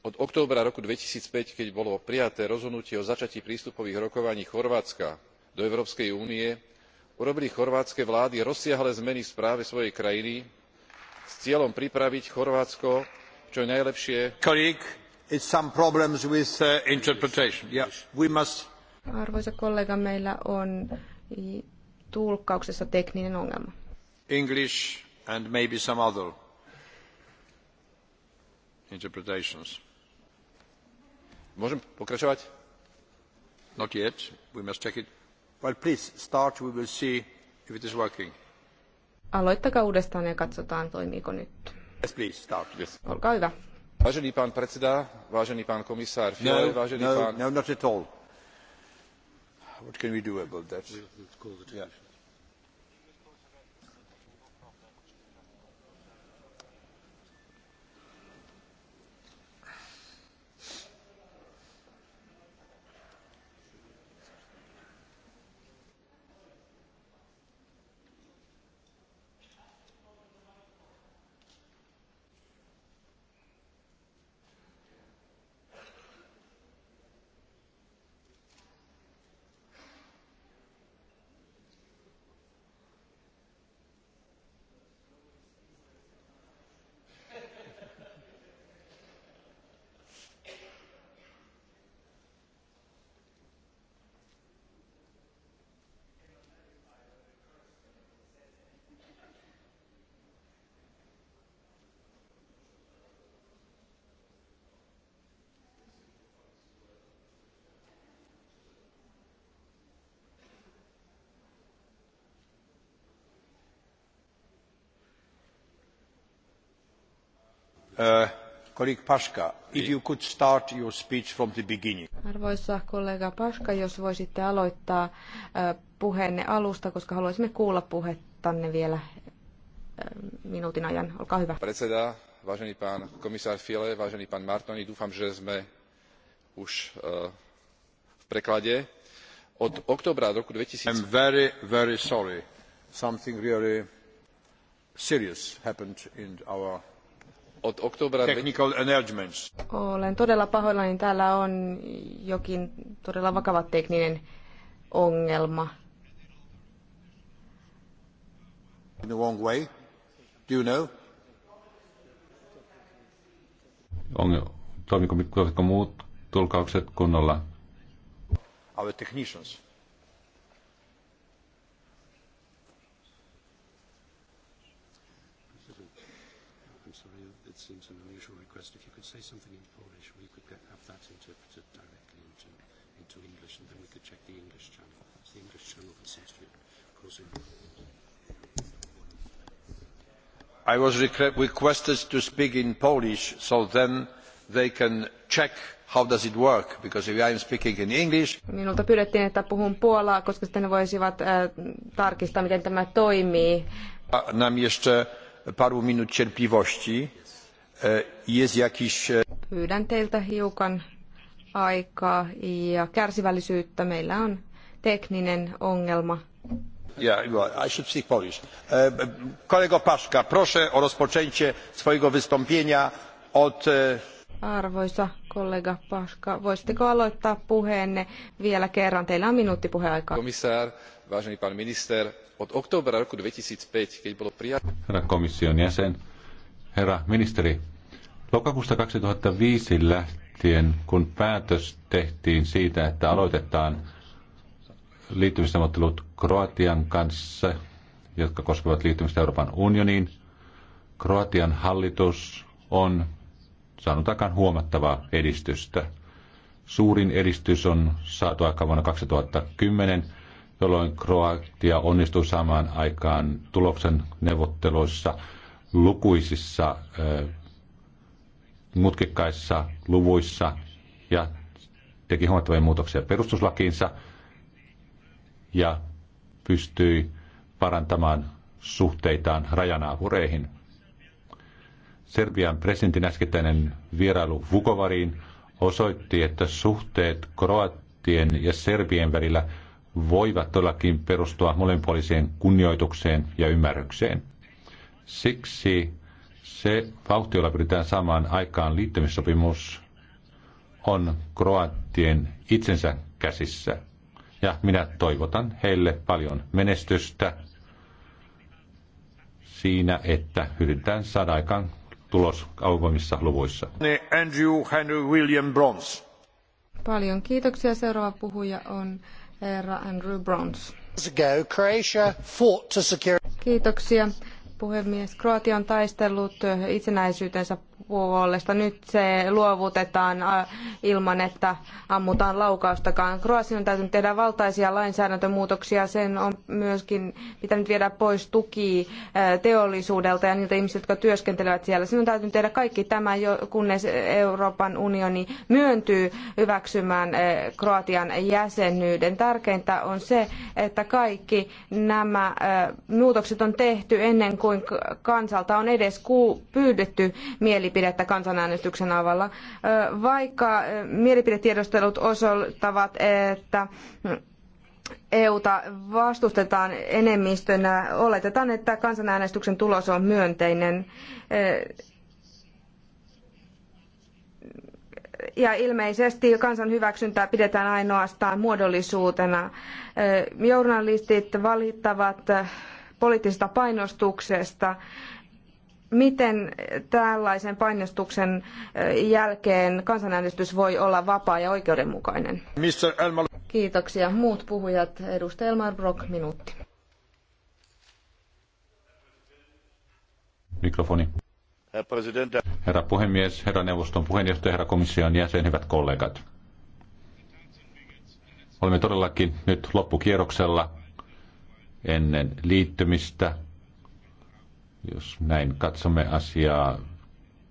Speaker 1: od októbra roku 2005, keď bolo prijaté rozhodnutie o začatí prístupových rokovaní Chorvátska do Európskej únie, urobili chorvátske vlády rozsiahle zmeny v správe svojej krajiny, s cieľom pripraviť chorvátsko čo najlepšie uh,
Speaker 3: Arvoisa kollega, meillä on tulkkauksessa tekninen ongelma.
Speaker 1: English and maybe some other interpretations. Môžem pokračovať? Not yet. We must check it. Well, please start. We will see if it is working.
Speaker 3: Aloittakaa uudestaan ja katsotaan, toimiiko nyt.
Speaker 1: Yes, please, start, yes. Olkaa hyvä. Vážený pán predseda, vážený pán komisár, no, vážený no, pán... No, not at all. What can we do about that? We'll, we'll call the yeah. Uh, niin.
Speaker 3: Arvoisa kollega paka jos voisitte aloittaa uh, puheenne alusta, koska haluaisimme kuulla puhettanne vielä uh, minuutin ajan. Olkaa hyvä. Predseda,
Speaker 1: vážený pán komisár File, vážený pán Martoni, dúfam, že sme už v preklade. Od oktobra roku 2000... I'm very, very sorry. Something really serious happened in our od Technical
Speaker 3: Olen todella pahoillani. Täällä on jokin todella vakava tekninen ongelma.
Speaker 1: In the wrong way? Do you know?
Speaker 2: Toimiko muut kunnolla?
Speaker 1: Our technicians. say something in Polish, we could get, have that interpreted directly into, into English, and then we could check the English channel. It's the English channel that seems to be causing. I was requested to speak in Polish, so then they can check how does it work, because if I am speaking in English...
Speaker 3: Minulta pyydettiin, että puhun puolaa, koska sitten ne voisivat äh, tarkistaa, miten tämä toimii.
Speaker 1: Nam jeszcze paru minut cierpliwości Yes. E,
Speaker 3: Pyydän teiltä hiukan aikaa ja kärsivällisyyttä. Meillä on tekninen ongelma.
Speaker 1: Yeah, I should speak Polish. E, kolego Paszka, proszę o rozpoczęcie swojego wystąpienia od... E,
Speaker 3: Arvoisa kollega Paska, voisitteko aloittaa puheenne vielä kerran? Teillä on minuutti puheaikaa. Komissaar,
Speaker 1: vážený pán minister, od oktobra roku 2005, keď bolo prijaté...
Speaker 2: Herra komission jäsen, herra ministeri, lokakuusta 2005 lähtien, kun päätös tehtiin siitä, että aloitetaan liittymisneuvottelut Kroatian kanssa, jotka koskevat liittymistä Euroopan unioniin, Kroatian hallitus on saanut aikaan huomattavaa edistystä. Suurin edistys on saatu aikaan vuonna 2010, jolloin Kroatia onnistui saamaan aikaan tuloksen neuvotteluissa – lukuisissa mutkikkaissa luvuissa ja teki huomattavia muutoksia perustuslakiinsa ja pystyi parantamaan suhteitaan rajanaapureihin. Serbian presidentin äskettäinen vierailu Vukovariin osoitti, että suhteet kroattien ja serbien välillä voivat todellakin perustua molempuoliseen kunnioitukseen ja ymmärrykseen. Siksi se vauhti, jolla pyritään saamaan aikaan liittymissopimus, on kroattien itsensä käsissä. Ja minä toivotan heille paljon menestystä siinä, että yritetään saada aikaan tulos kaupungissa luvuissa.
Speaker 1: Andrew Henry William Bronze.
Speaker 3: Paljon kiitoksia. Seuraava puhuja on herra Andrew Bronze. Kiitoksia puhemies. Kroatia on taistellut itsenäisyytensä puolesta. Nyt se luovutetaan äh, ilman, että ammutaan laukaustakaan. Kroatian on täytynyt tehdä valtaisia lainsäädäntömuutoksia. Sen on myöskin pitänyt viedä pois tuki äh, teollisuudelta ja niiltä ihmisiltä, jotka työskentelevät siellä. Sen on täytynyt tehdä kaikki tämä, kunnes Euroopan unioni myöntyy hyväksymään äh, Kroatian jäsenyyden. Tärkeintä on se, että kaikki nämä muutokset on tehty ennen kuin kuin kansalta on edes pyydetty mielipidettä kansanäänestyksen avalla. Vaikka mielipidetiedostelut osoittavat, että EUta vastustetaan enemmistönä, oletetaan, että kansanäänestyksen tulos on myönteinen. ja ilmeisesti kansan hyväksyntää pidetään ainoastaan muodollisuutena. Journalistit valittavat poliittisesta painostuksesta. Miten tällaisen painostuksen eh, jälkeen kansanäänestys voi olla vapaa ja oikeudenmukainen? Kiitoksia. Muut puhujat. Edustaja Elmar Brock, minuutti.
Speaker 1: Mikrofoni.
Speaker 2: Herra puhemies, herra neuvoston puheenjohtaja, herra komission jäsen, hyvät kollegat. Olemme todellakin nyt loppukierroksella ennen liittymistä. Jos näin katsomme asiaa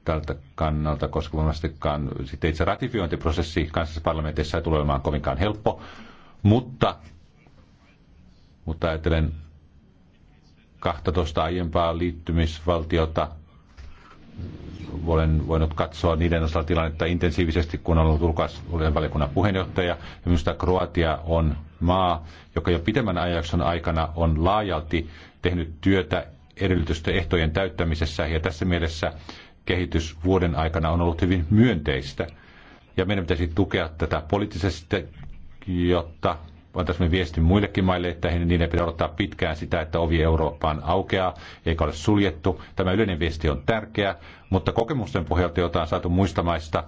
Speaker 2: tältä kannalta, koska varmastikaan sitten itse ratifiointiprosessi kansallisessa parlamentissa ei tule olemaan kovinkaan helppo, mutta, mutta ajattelen 12 aiempaa liittymisvaltiota, olen voinut katsoa niiden osalta tilannetta intensiivisesti, kun olen ollut ulkoasuuden valiokunnan puheenjohtaja. Minusta Kroatia on maa, joka jo pitemmän ajan aikana on laajalti tehnyt työtä edellytysten ehtojen täyttämisessä, ja tässä mielessä kehitys vuoden aikana on ollut hyvin myönteistä. Ja meidän pitäisi tukea tätä poliittisesti, jotta antaisimme viestin muillekin maille, että niiden pitää odottaa pitkään sitä, että ovi Eurooppaan aukeaa, eikä ole suljettu. Tämä yleinen viesti on tärkeä, mutta kokemusten pohjalta, jota on saatu muista maista,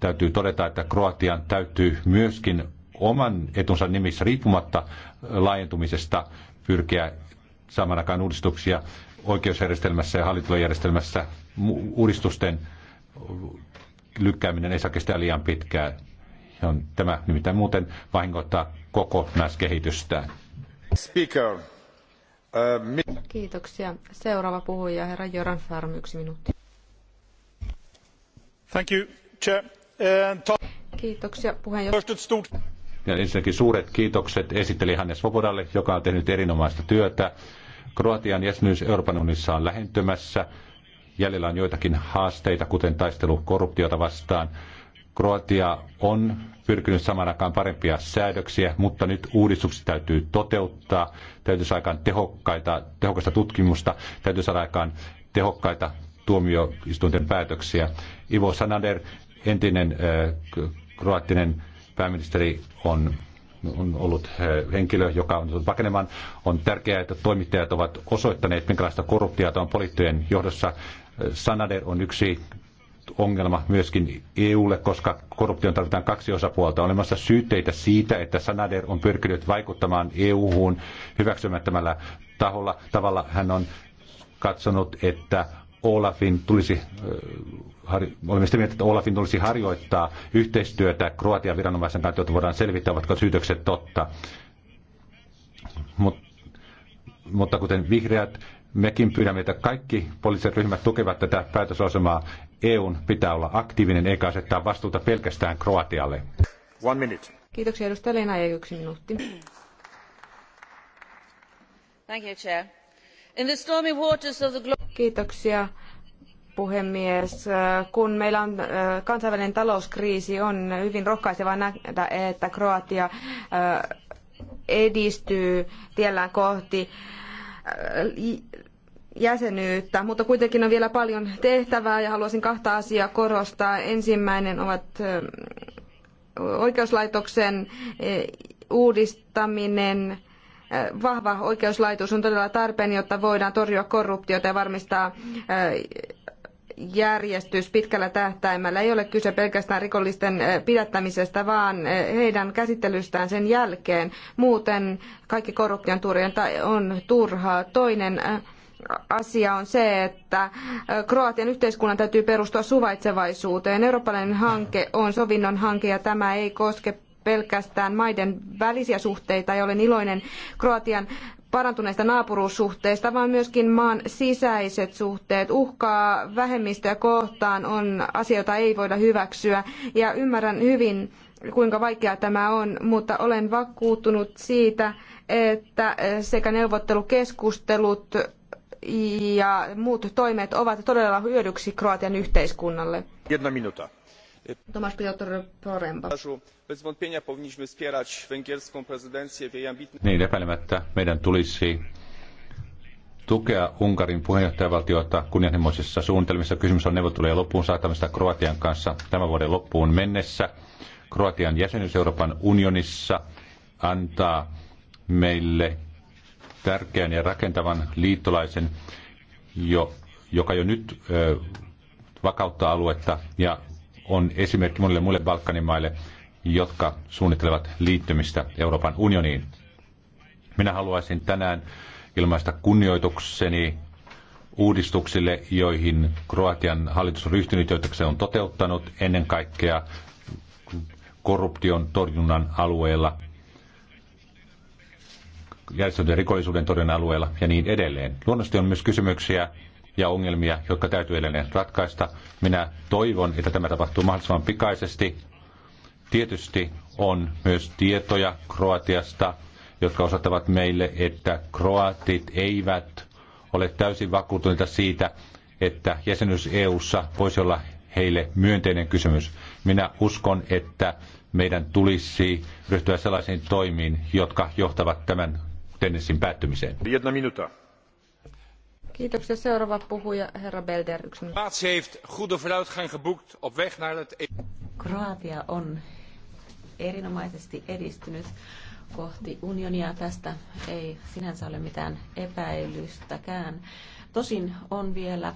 Speaker 2: täytyy todeta, että Kroatian täytyy myöskin oman etunsa nimissä riippumatta laajentumisesta pyrkiä saamaan aikaan uudistuksia oikeusjärjestelmässä ja hallintojärjestelmässä. Uudistusten lykkääminen ei saa kestää liian pitkään on tämä mitä muuten vahingoittaa kokonaiskehitystään.
Speaker 1: Speaker. Äh,
Speaker 3: Kiitoksia. Seuraava puhuja, herra Joran Färm, yksi minuutti. Thank you, chair. Äh, Kiitoksia puheenjohtaja.
Speaker 2: Ja ensinnäkin suuret kiitokset esitteli Hannes Svobodalle, joka on tehnyt erinomaista työtä. Kroatian jäsenyys Euroopan unionissa on lähentymässä. Jäljellä on joitakin haasteita, kuten taistelu korruptiota vastaan, Kroatia on pyrkinyt samaan aikaan parempia säädöksiä, mutta nyt uudistukset täytyy toteuttaa, täytyy saada aikaan tehokkaita, tehokasta tutkimusta, täytyy saada aikaan tehokkaita tuomioistuinten päätöksiä. Ivo Sanader, entinen äh, kroattinen pääministeri, on on ollut äh, henkilö, joka on tullut pakenemaan. On tärkeää, että toimittajat ovat osoittaneet, minkälaista korruptiota on poliittojen johdossa. Äh, Sanader on yksi ongelma myöskin EUlle, koska korruptioon tarvitaan kaksi osapuolta. On olemassa syytteitä siitä, että Sanader on pyrkinyt vaikuttamaan EU-hun hyväksymättömällä taholla. Tavalla hän on katsonut, että Olafin tulisi, äh, olemme sitä mieltä, että Olafin tulisi harjoittaa yhteistyötä Kroatian viranomaisen kanssa, jotta voidaan selvittää, ovatko syytökset totta. Mut, mutta kuten vihreät Mekin pyydämme, että kaikki poliittiset ryhmät tukevat tätä päätösosemaa. EUn pitää olla aktiivinen eikä asettaa vastuuta pelkästään Kroatialle. One
Speaker 3: minute. Kiitoksia edustaja Leena ja yksi minuutti. Thank you, Chair. In the stormy waters of the Kiitoksia puhemies. Kun meillä on äh, kansainvälinen talouskriisi, on hyvin rohkaisevaa nähdä, että Kroatia äh, edistyy tiellään kohti äh, jäsenyyttä, mutta kuitenkin on vielä paljon tehtävää ja haluaisin kahta asiaa korostaa. Ensimmäinen ovat oikeuslaitoksen uudistaminen. Vahva oikeuslaitos on todella tarpeen, jotta voidaan torjua korruptiota ja varmistaa järjestys pitkällä tähtäimellä. Ei ole kyse pelkästään rikollisten pidättämisestä, vaan heidän käsittelystään sen jälkeen. Muuten kaikki korruption on turhaa. Toinen asia on se, että äh, Kroatian yhteiskunnan täytyy perustua suvaitsevaisuuteen. Eurooppalainen hanke on sovinnon hanke ja tämä ei koske pelkästään maiden välisiä suhteita ja olen iloinen Kroatian parantuneista naapuruussuhteista, vaan myöskin maan sisäiset suhteet. Uhkaa vähemmistöä kohtaan on asia, jota ei voida hyväksyä ja ymmärrän hyvin kuinka vaikeaa tämä on, mutta olen vakuuttunut siitä, että äh, sekä neuvottelukeskustelut ja muut toimet ovat todella hyödyksi Kroatian yhteiskunnalle. Tomasz
Speaker 2: Niin, epäilemättä meidän tulisi tukea Unkarin puheenjohtajavaltiota kunnianhimoisissa suunnitelmissa. Kysymys on neuvottelujen loppuun saattamista Kroatian kanssa tämän vuoden loppuun mennessä. Kroatian jäsenyys Euroopan unionissa antaa meille tärkeän ja rakentavan liittolaisen, jo, joka jo nyt ö, vakauttaa aluetta ja on esimerkki monille muille Balkanin maille, jotka suunnittelevat liittymistä Euroopan unioniin. Minä haluaisin tänään ilmaista kunnioitukseni uudistuksille, joihin Kroatian hallitus on ryhtynyt, joita se on toteuttanut ennen kaikkea korruption torjunnan alueella järjestäytyneen rikollisuuden torjunnan alueella ja niin edelleen. Luonnollisesti on myös kysymyksiä ja ongelmia, jotka täytyy edelleen ratkaista. Minä toivon, että tämä tapahtuu mahdollisimman pikaisesti. Tietysti on myös tietoja Kroatiasta, jotka osoittavat meille, että kroatit eivät ole täysin vakuuttuneita siitä, että jäsenyys EU:ssa voisi olla heille myönteinen kysymys. Minä uskon, että meidän tulisi ryhtyä sellaisiin toimiin, jotka johtavat tämän tennissin päättymiseen.
Speaker 4: Kiitoksia. Seuraava puhuja, herra Belder. Yksi
Speaker 1: Kroatia heeft goede vooruitgang geboekt op weg naar het... E-
Speaker 4: Kroatia on erinomaisesti edistynyt kohti unionia. Tästä ei sinänsä ole mitään epäilystäkään. Tosin on vielä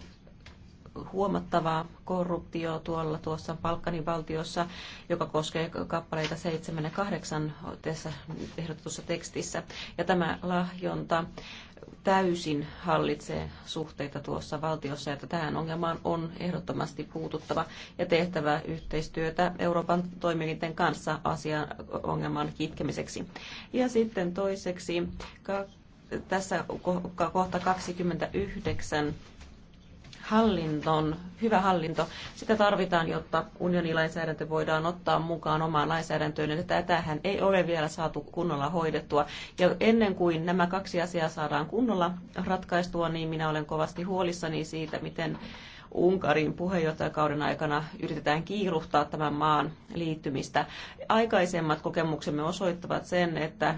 Speaker 4: huomattavaa korruptio tuolla tuossa Balkanin valtiossa, joka koskee kappaleita 7 ja 8 tässä ehdotetussa tekstissä. Ja tämä lahjonta täysin hallitsee suhteita tuossa valtiossa, että tähän ongelmaan on ehdottomasti puututtava ja tehtävä yhteistyötä Euroopan toimielinten kanssa asian ongelman kitkemiseksi. Ja sitten toiseksi tässä kohta 29 hallinton, hyvä hallinto, sitä tarvitaan, jotta unionilainsäädäntö voidaan ottaa mukaan omaan lainsäädäntöön. Ja tätähän ei ole vielä saatu kunnolla hoidettua. Ja ennen kuin nämä kaksi asiaa saadaan kunnolla ratkaistua, niin minä olen kovasti huolissani siitä, miten Unkarin puheenjohtajakauden aikana yritetään kiiruhtaa tämän maan liittymistä. Aikaisemmat kokemuksemme osoittavat sen, että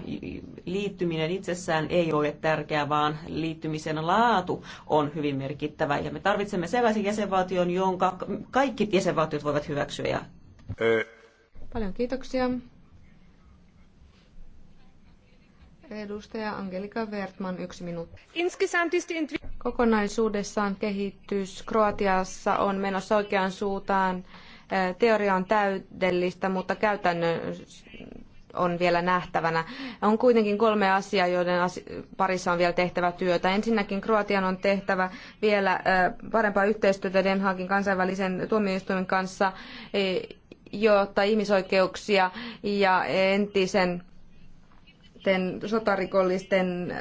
Speaker 4: liittyminen itsessään ei ole tärkeää, vaan liittymisen laatu on hyvin merkittävä. Ja me tarvitsemme sellaisen jäsenvaltion, jonka kaikki jäsenvaltiot voivat hyväksyä.
Speaker 3: Paljon kiitoksia. Edustaja Angelika Wertman, yksi minuutti. Kokonaisuudessaan kehitys Kroatiassa on menossa oikeaan suuntaan. Teoria on täydellistä, mutta käytännön on vielä nähtävänä. On kuitenkin kolme asiaa, joiden parissa on vielä tehtävä työtä. Ensinnäkin Kroatian on tehtävä vielä parempaa yhteistyötä Den Haagin kansainvälisen tuomioistuimen kanssa, e, jotta ihmisoikeuksia ja entisen sitten sotarikollisten äh,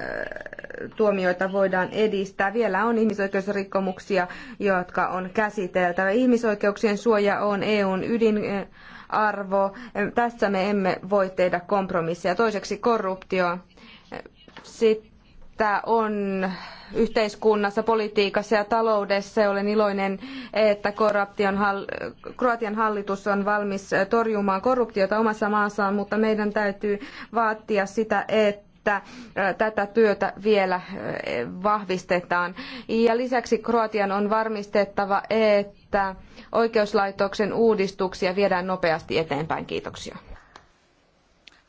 Speaker 3: tuomioita voidaan edistää. Vielä on ihmisoikeusrikkomuksia, jotka on käsiteltävä. Ihmisoikeuksien suoja on EUn ydinarvo. Äh, tässä me emme voi tehdä kompromisseja. Toiseksi korruptio. Äh, sitten että on yhteiskunnassa, politiikassa ja taloudessa. Olen iloinen, että Kroatian hallitus on valmis torjumaan korruptiota omassa maassaan, mutta meidän täytyy vaatia sitä, että että tätä työtä vielä vahvistetaan. Ja lisäksi Kroatian on varmistettava, että oikeuslaitoksen uudistuksia viedään nopeasti eteenpäin. Kiitoksia.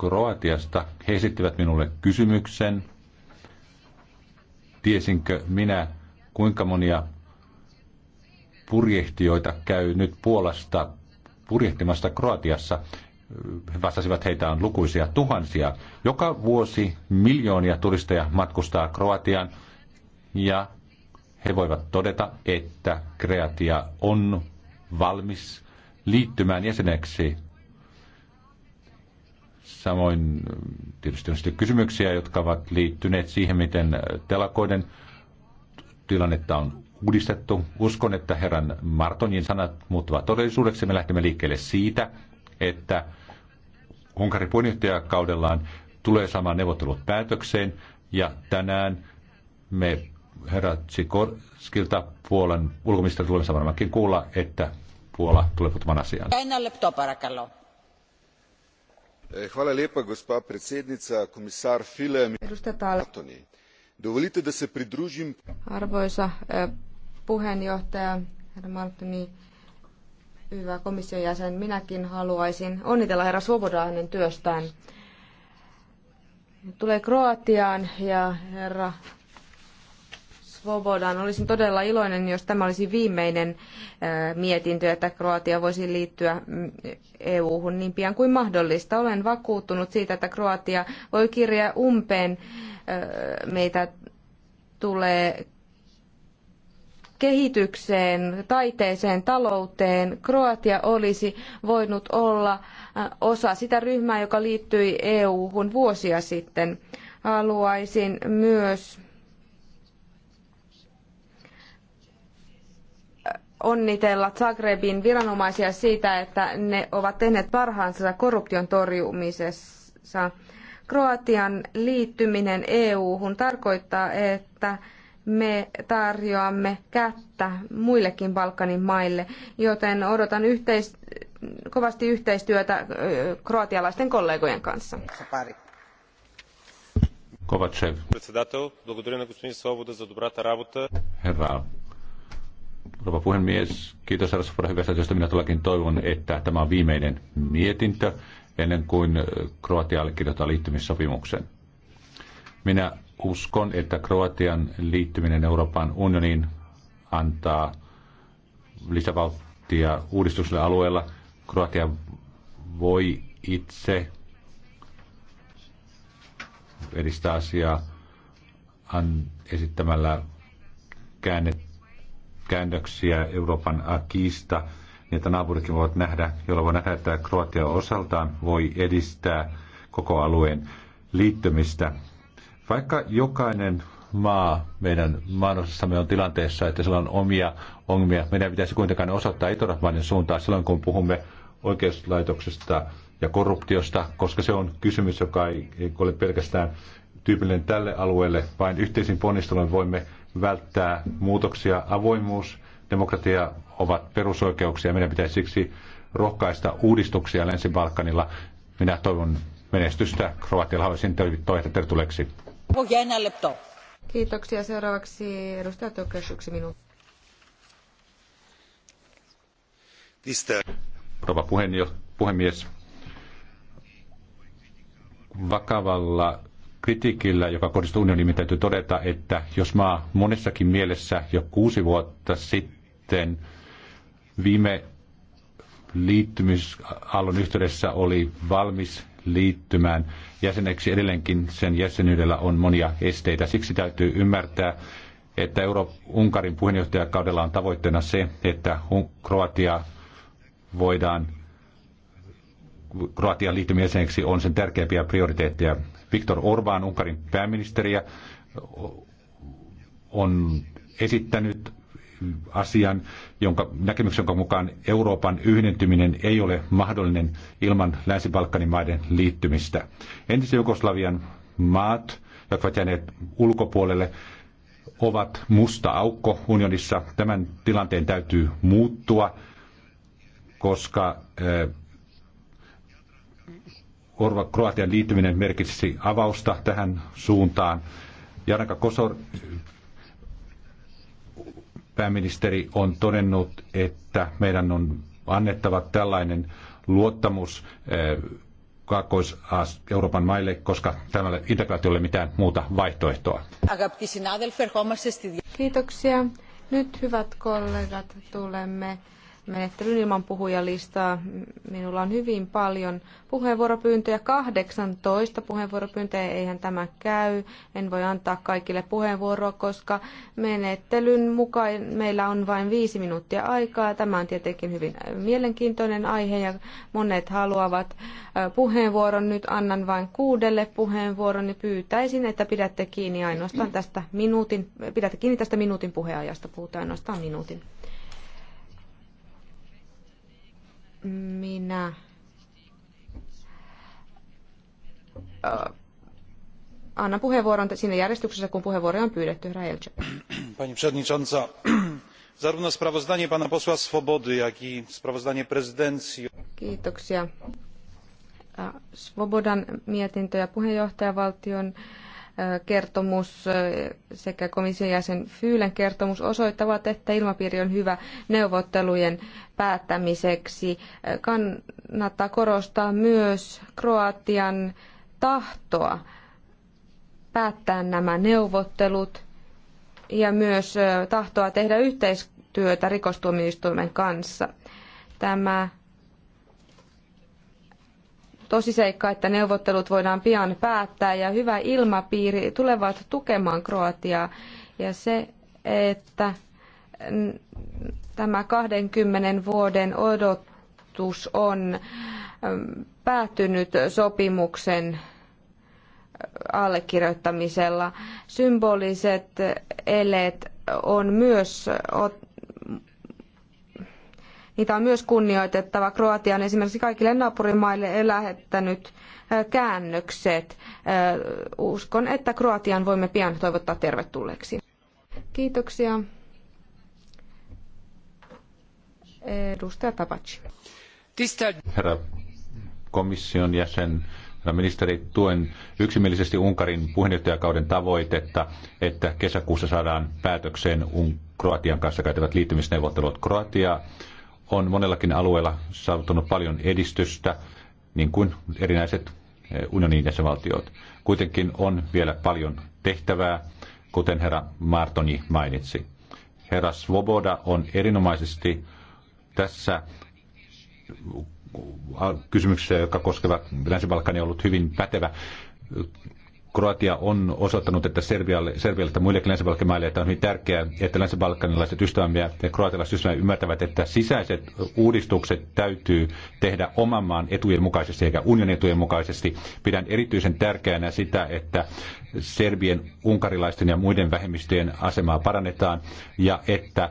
Speaker 2: Kroatiasta. He esittivät minulle kysymyksen, tiesinkö minä, kuinka monia purjehtijoita käy nyt Puolasta purjehtimasta Kroatiassa. He vastasivat, heitä on lukuisia tuhansia. Joka vuosi miljoonia turisteja matkustaa Kroatiaan ja he voivat todeta, että Kreatia on valmis liittymään jäseneksi Samoin mm, tietysti on sitten kysymyksiä, jotka ovat liittyneet siihen, miten äh, telakoiden tilannetta on uudistettu. Uskon, että herran Martonin sanat muuttuvat todellisuudeksi. Me lähdemme liikkeelle siitä, että Unkarin puheenjohtajakaudellaan tulee saamaan neuvottelut päätökseen. Ja tänään me herra Tsikorskilta Puolan ulkoministeri tulemme varmaankin kuulla, että Puola tulee puuttumaan asiaan.
Speaker 1: Eh, gospa predsjednice komissaari fle martoni dovolite da se pridružim.
Speaker 3: arvoisa eh, puheenjohtaja herra martoni hyvä komission jäsen minäkin haluaisin onnitella herra swobodaa hänen työstään. tulee kroatiaan ja herra Svobodan. Olisin todella iloinen, jos tämä olisi viimeinen mietintö, että Kroatia voisi liittyä mm, EU-hun niin pian kuin mahdollista. Olen vakuuttunut siitä, että Kroatia voi kirjaa umpeen. Meitä tulee kehitykseen, taiteeseen, talouteen. Kroatia olisi voinut olla osa sitä ryhmää, joka liittyi EU-hun vuosia sitten. Haluaisin myös onnitella Zagrebin viranomaisia siitä, että ne ovat tehneet parhaansa korruption torjumisessa. Kroatian liittyminen EU-hun tarkoittaa, että me tarjoamme kättä muillekin Balkanin maille, joten odotan yhteis- kovasti yhteistyötä kroatialaisten kollegojen kanssa.
Speaker 2: Kovacev. Herra rouva puhemies. Kiitos arvoisa hyvästä työstä. Minä todellakin toivon, että tämä on viimeinen mietintö ennen kuin Kroatia allekirjoittaa liittymissopimuksen. Minä uskon, että Kroatian liittyminen Euroopan unioniin antaa lisävauhtia uudistukselle alueella. Kroatia voi itse edistää asiaa esittämällä käännet käännöksiä Euroopan akista, niin että naapuritkin voivat nähdä, jolla voi nähdä, että Kroatia osaltaan voi edistää koko alueen liittymistä. Vaikka jokainen maa meidän maanosassamme on tilanteessa, että sillä on omia ongelmia, meidän pitäisi kuitenkaan osoittaa eturahmainen suuntaan silloin, kun puhumme oikeuslaitoksesta ja korruptiosta, koska se on kysymys, joka ei ole pelkästään tyypillinen tälle alueelle, vain yhteisin ponnistelun voimme välttää muutoksia. Avoimuus, demokratia ovat perusoikeuksia. Meidän pitäisi siksi rohkaista uudistuksia Länsi-Balkanilla. Minä toivon menestystä. Kroatialla olisi toivottavasti tervetulleeksi.
Speaker 3: Kiitoksia. Seuraavaksi edustaja Tökes, yksi minuutti.
Speaker 2: Rouva puhemies, vakavalla kritiikillä, joka kohdistuu unioniin, niin täytyy todeta, että jos maa monessakin mielessä jo kuusi vuotta sitten viime liittymisaallon yhteydessä oli valmis liittymään jäseneksi. Edelleenkin sen jäsenyydellä on monia esteitä. Siksi täytyy ymmärtää, että Euro- Unkarin puheenjohtajakaudella on tavoitteena se, että Kroatia voidaan Kroatian liittymiseksi on sen tärkeimpiä prioriteetteja. Viktor Orbán, Unkarin pääministeriä, on esittänyt asian, jonka näkemyksen mukaan Euroopan yhdentyminen ei ole mahdollinen ilman Länsi-Balkanin maiden liittymistä. Entisen Jugoslavian maat, jotka ovat jääneet ulkopuolelle, ovat musta aukko unionissa. Tämän tilanteen täytyy muuttua, koska eh, Kroatian liittyminen merkitsisi avausta tähän suuntaan. Janaka Kosor, pääministeri, on todennut, että meidän on annettava tällainen luottamus eh, Kaakkois-Euroopan maille, koska tämälle integraatiolle mitään muuta vaihtoehtoa.
Speaker 3: Kiitoksia. Nyt, hyvät kollegat, tulemme menettelyn ilman puhujalistaa. Minulla on hyvin paljon puheenvuoropyyntöjä, 18 puheenvuoropyyntöjä, eihän tämä käy. En voi antaa kaikille puheenvuoroa, koska menettelyn mukaan meillä on vain viisi minuuttia aikaa. Tämä on tietenkin hyvin äh, mielenkiintoinen aihe ja monet haluavat äh, puheenvuoron. Nyt annan vain kuudelle puheenvuoron ja niin pyytäisin, että pidätte kiinni ainoastaan tästä minuutin, pidätte kiinni tästä minuutin puheajasta, puhutaan ainoastaan minuutin. Minä äh, annan puheenvuoron siinä järjestyksessä, kun puheenvuoroja on pyydetty.
Speaker 1: Pani przewodnicząca, zarówno sprawozdanie pana posła Swobody, jak i sprawozdanie prezydencji.
Speaker 3: Kiitoksia. Äh, Svobodan mietintö ja puheenjohtajavaltion kertomus sekä komission jäsen Fyylän kertomus osoittavat, että ilmapiiri on hyvä neuvottelujen päättämiseksi. Kannattaa korostaa myös Kroatian tahtoa päättää nämä neuvottelut ja myös tahtoa tehdä yhteistyötä rikostuomioistuimen kanssa. Tämä tosiseikka, että neuvottelut voidaan pian päättää ja hyvä ilmapiiri tulevat tukemaan Kroatiaa. Ja se, että tämä 20 vuoden odotus on päättynyt sopimuksen allekirjoittamisella. Symboliset eleet on myös Niitä on myös kunnioitettava. Kroatia on esimerkiksi kaikille naapurimaille lähettänyt käännökset. Uskon, että Kroatian voimme pian toivottaa tervetulleeksi. Kiitoksia. Edustaja Tabaci.
Speaker 2: Herra komission jäsen, herra ministeri, tuen yksimielisesti Unkarin puheenjohtajakauden tavoitetta, että kesäkuussa saadaan päätökseen Kroatian kanssa käytävät liittymisneuvottelut. Kroatia on monellakin alueella saavuttanut paljon edistystä, niin kuin erinäiset eh, unionin jäsenvaltiot. Kuitenkin on vielä paljon tehtävää, kuten herra Martoni mainitsi. Herra Svoboda on erinomaisesti tässä kysymyksessä, joka koskevat Länsi-Balkania, ollut hyvin pätevä Kroatia on osoittanut, että Serbialle, Serbialle ja muillekin länsi että on hyvin tärkeää, että länsi-balkanilaiset ystävämme ja kroatialaiset ystävämme ymmärtävät, että sisäiset uudistukset täytyy tehdä oman maan etujen mukaisesti eikä unionin etujen mukaisesti. Pidän erityisen tärkeänä sitä, että serbien, unkarilaisten ja muiden vähemmistöjen asemaa parannetaan ja että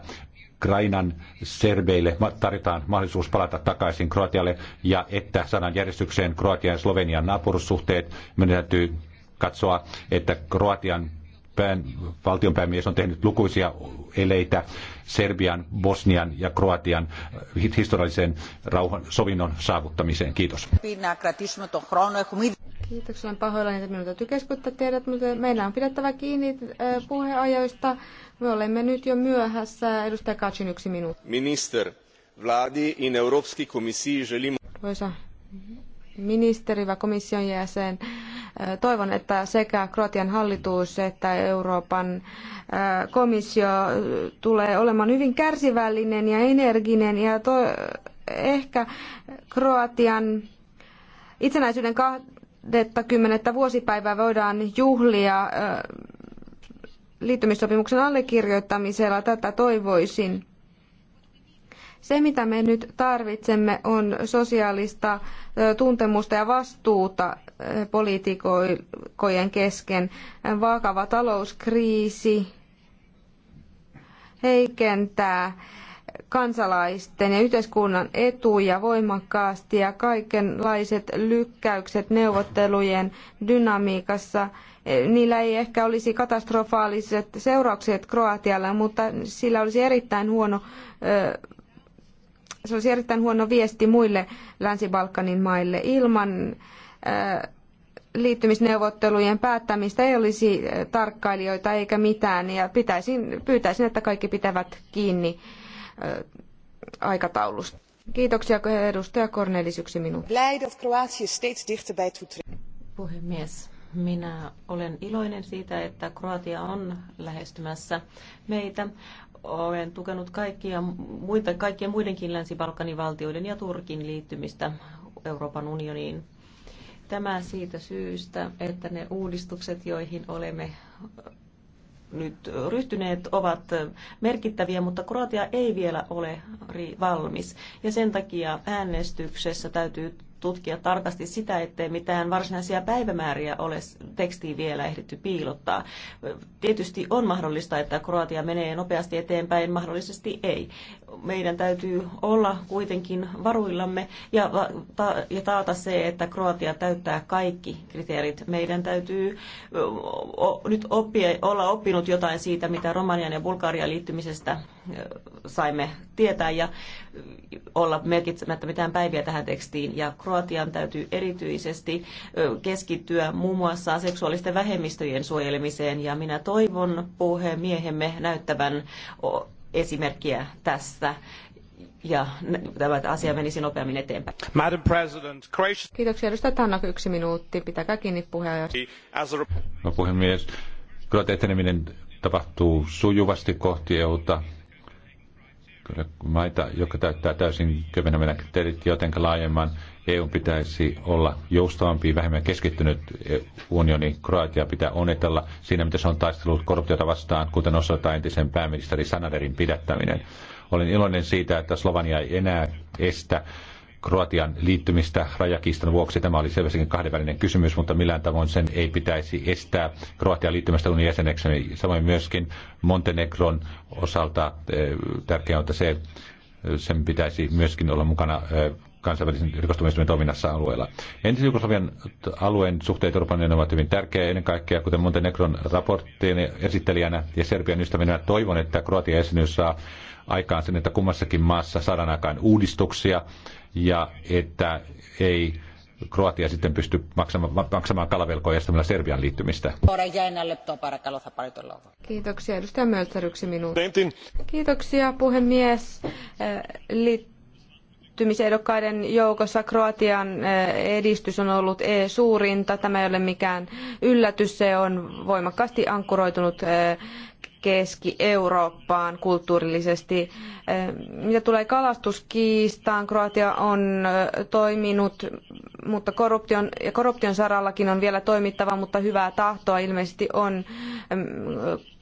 Speaker 2: Krainan serbeille tarjotaan mahdollisuus palata takaisin Kroatialle ja että saadaan järjestykseen Kroatian ja Slovenian naapurussuhteet. Meidän täytyy katsoa, että Kroatian pään, valtionpäämies on tehnyt lukuisia eleitä Serbian, Bosnian ja Kroatian äh, historiallisen rauhan sovinnon saavuttamiseen. Kiitos.
Speaker 3: Kiitoksia, olen pahoillani, että minun täytyy keskuttaa mutta meillä on pidettävä kiinni äh, puheajoista. Me olemme nyt jo myöhässä. Edustaja Kacin yksi minuutti.
Speaker 4: Minister,
Speaker 1: vladi in Europski komisiji želimo...
Speaker 3: Voisa ministeri ja komission jäsen, Toivon, että sekä Kroatian hallitus että Euroopan komissio tulee olemaan hyvin kärsivällinen ja energinen ja to- ehkä Kroatian itsenäisyyden 20. vuosipäivää voidaan juhlia liittymissopimuksen allekirjoittamisella. Tätä toivoisin. Se, mitä me nyt tarvitsemme, on sosiaalista tuntemusta ja vastuuta poliitikojen kesken. Vakava talouskriisi heikentää kansalaisten ja yhteiskunnan etuja voimakkaasti ja kaikenlaiset lykkäykset neuvottelujen dynamiikassa. Niillä ei ehkä olisi katastrofaaliset seuraukset Kroatialle, mutta sillä olisi erittäin huono, se olisi erittäin huono viesti muille Länsi-Balkanin maille. Ilman liittymisneuvottelujen päättämistä ei olisi tarkkailijoita eikä mitään ja pitäisin, pyytäisin, että kaikki pitävät kiinni aikataulusta. Kiitoksia edustaja
Speaker 4: Cornelis, yksi minuutti. Puhemies, minä olen iloinen siitä, että Kroatia on lähestymässä meitä olen tukenut kaikkia muita, kaikkien muidenkin Länsi-Balkanin valtioiden ja Turkin liittymistä Euroopan unioniin. Tämä siitä syystä, että ne uudistukset, joihin olemme nyt ryhtyneet ovat merkittäviä, mutta Kroatia ei vielä ole valmis. Ja sen takia äänestyksessä täytyy tutkia tarkasti sitä, ettei mitään varsinaisia päivämääriä ole tekstiin vielä ehditty piilottaa. Tietysti on mahdollista, että Kroatia menee nopeasti eteenpäin, mahdollisesti ei. Meidän täytyy olla kuitenkin varuillamme ja, ta- ja taata se, että Kroatia täyttää kaikki kriteerit. Meidän täytyy nyt oppia, olla oppinut jotain siitä, mitä Romanian ja Bulgarian liittymisestä saimme tietää ja olla merkitsemättä mitään päiviä tähän tekstiin. Ja Kroatian täytyy erityisesti keskittyä muun muassa seksuaalisten vähemmistöjen suojelemiseen ja minä toivon puhemiehemme näyttävän esimerkkiä tässä ja tämä asia menisi nopeammin eteenpäin. Madam President, Croatia...
Speaker 3: Kiitoksia edustaja Tannak, yksi minuutti. Pitäkää kiinni Puheenjohtaja,
Speaker 2: No puhemies, kyllä eteneminen tapahtuu sujuvasti kohti EUta maita, jotka täyttää täysin kevenemmän kriteerit, joten laajemman EU pitäisi olla joustavampi, vähemmän keskittynyt e unioni. Kroatia pitää onnitella siinä, mitä se on taistellut korruptiota vastaan, kuten osoittaa entisen pääministeri Sanaderin pidättäminen. Olen iloinen siitä, että Slovania ei enää estä Kroatian liittymistä rajakiistan vuoksi. Tämä oli selvästikin kahdenvälinen kysymys, mutta millään tavoin sen ei pitäisi estää Kroatian liittymästä unionin jäseneksi. Samoin myöskin Montenegron osalta eh, tärkeää on, että se, eh, sen pitäisi myöskin olla mukana eh, kansainvälisen rikostumistumisen toiminnassa alueella. Entisen Jugoslavian alueen suhteet Euroopan unionin ovat hyvin tärkeä ennen kaikkea, kuten Montenegron raporttien esittelijänä ja Serbian ystävänä toivon, että Kroatian jäsenyys saa aikaan sen, että kummassakin maassa saadaan aikaan uudistuksia ja että ei Kroatia sitten pysty maksamaan, maksamaan kalavelkoa estämällä Serbian liittymistä.
Speaker 3: Kiitoksia. Edustaja Möltsär, yksi minuutti. Kiitoksia, puhemies. Äh, liittymisehdokkaiden joukossa Kroatian äh, edistys on ollut e suurinta. Tämä ei ole mikään yllätys. Se on voimakkaasti ankkuroitunut Keski-Eurooppaan kulttuurillisesti. Eh, mitä tulee kalastuskiistaan, Kroatia on eh, toiminut, mutta korruption, ja korruption sarallakin on vielä toimittava, mutta hyvää tahtoa ilmeisesti on eh,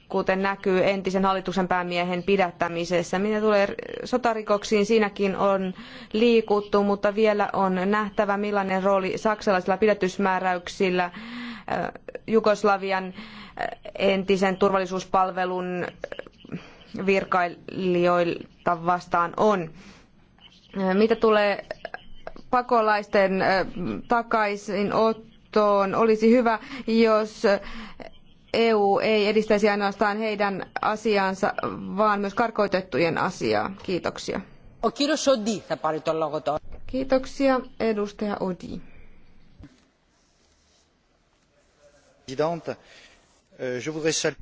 Speaker 3: kuten näkyy entisen hallituksen päämiehen pidättämisessä. Mitä tulee sotarikoksiin, siinäkin on liikuttu, mutta vielä on nähtävä millainen rooli saksalaisilla pidätysmääräyksillä Äh, Jugoslavian äh, entisen turvallisuuspalvelun äh, virkailijoilta vastaan on. Mitä tulee pakolaisten takaisinottoon, olisi hyvä, jos EU ei edistäisi ainoastaan heidän asiaansa, vaan myös karkoitettujen asiaa. Kiitoksia. Kiitoksia, edustaja Odi. Eh, je voudrais saluer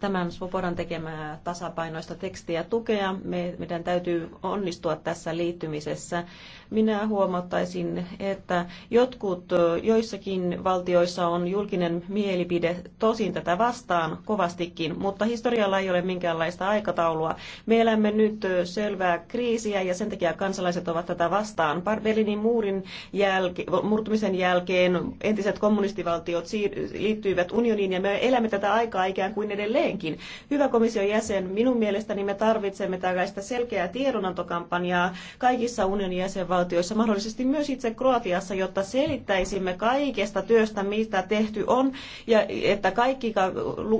Speaker 4: tämän Svobodan tekemää tasapainoista tekstiä tukea. meidän täytyy onnistua tässä liittymisessä. Minä huomattaisin, että jotkut joissakin valtioissa on julkinen mielipide tosin tätä vastaan kovastikin, mutta historialla ei ole minkäänlaista aikataulua. Me elämme nyt selvää kriisiä ja sen takia kansalaiset ovat tätä vastaan. Berliinin muurin jälke- murtumisen jälkeen entiset kommunistivaltiot siir- liittyivät unioniin ja me elämme tätä aikaa ikään ikään kuin edelleenkin. Hyvä komission jäsen, minun mielestäni me tarvitsemme tällaista selkeää tiedonantokampanjaa kaikissa unionin jäsenvaltioissa, mahdollisesti myös itse Kroatiassa, jotta selittäisimme kaikesta työstä, mitä tehty on, ja että kaikki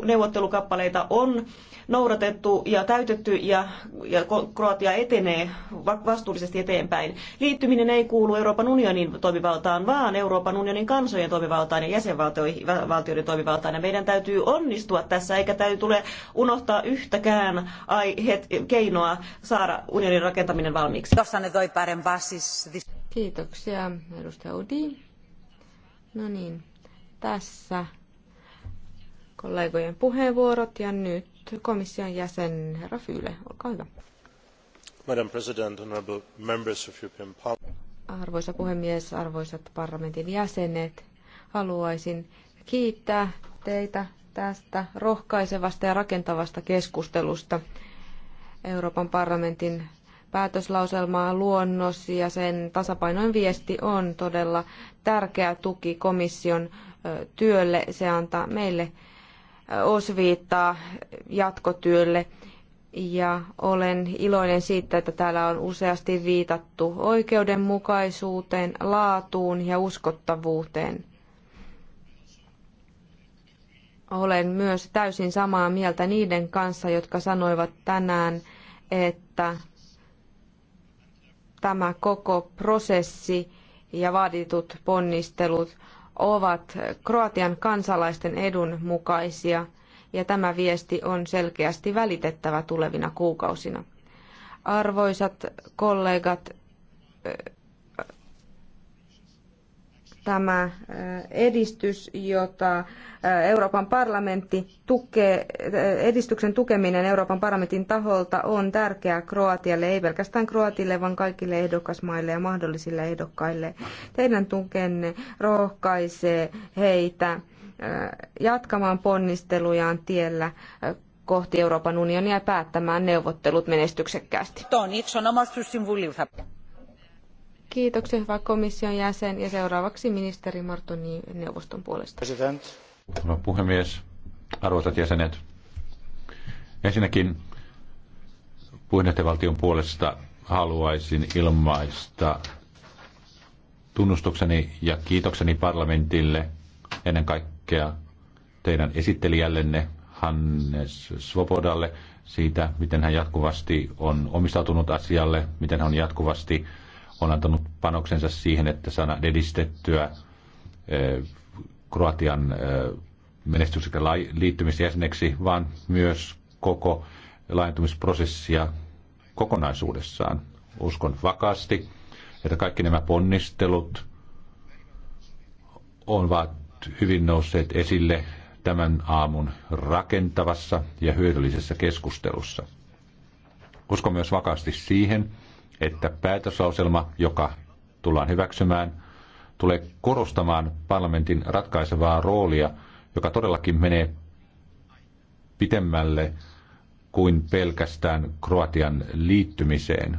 Speaker 4: neuvottelukappaleita on noudatettu ja täytetty ja, ja Kroatia etenee vastuullisesti eteenpäin. Liittyminen ei kuulu Euroopan unionin toimivaltaan, vaan Euroopan unionin kansojen toimivaltaan ja jäsenvaltioiden toimivaltaan. Ja meidän täytyy onnistua tässä tässä, eikä täytyy tule unohtaa yhtäkään het, keinoa saada unionin rakentaminen valmiiksi. Kiitoksia, edustaja Udi.
Speaker 3: No niin, tässä kollegojen puheenvuorot ja nyt komission jäsen herra Fyle, olkaa hyvä.
Speaker 1: Madam President, honorable members of European Parliament.
Speaker 3: Arvoisa puhemies, arvoisat parlamentin jäsenet, haluaisin kiittää teitä tästä rohkaisevasta ja rakentavasta keskustelusta. Euroopan parlamentin päätöslauselmaa luonnos ja sen tasapainoinen viesti on todella tärkeä tuki komission työlle. Se antaa meille osviittaa jatkotyölle ja olen iloinen siitä, että täällä on useasti viitattu oikeudenmukaisuuteen, laatuun ja uskottavuuteen olen myös täysin samaa mieltä niiden kanssa, jotka sanoivat tänään, että tämä koko prosessi ja vaaditut ponnistelut ovat Kroatian kansalaisten edun mukaisia, ja tämä viesti on selkeästi välitettävä tulevina kuukausina. Arvoisat kollegat, tämä edistys, jota Euroopan parlamentti tukee, edistyksen tukeminen Euroopan parlamentin taholta on tärkeää Kroatialle, ei pelkästään Kroatille, vaan kaikille ehdokasmaille ja mahdollisille ehdokkaille. Teidän tukenne rohkaisee heitä jatkamaan ponnistelujaan tiellä kohti Euroopan unionia ja päättämään neuvottelut menestyksekkäästi. Kiitoksia, hyvä komission jäsen. Ja seuraavaksi ministeri Martoni neuvoston puolesta. President.
Speaker 2: puhemies, arvoisat jäsenet. Ensinnäkin puheenjohtajavaltion puolesta haluaisin ilmaista tunnustukseni ja kiitokseni parlamentille ennen kaikkea teidän esittelijällenne Hannes Svobodalle siitä, miten hän jatkuvasti on omistautunut asialle, miten hän on jatkuvasti on antanut panoksensa siihen, että saada edistettyä eh, Kroatian eh, menestyksekä liittymisjäseneksi, vaan myös koko laajentumisprosessia kokonaisuudessaan. Uskon vakaasti, että kaikki nämä ponnistelut ovat hyvin nousseet esille tämän aamun rakentavassa ja hyödyllisessä keskustelussa. Uskon myös vakaasti siihen, että päätöslauselma, joka tullaan hyväksymään, tulee korostamaan parlamentin ratkaisevaa roolia, joka todellakin menee pitemmälle kuin pelkästään Kroatian liittymiseen.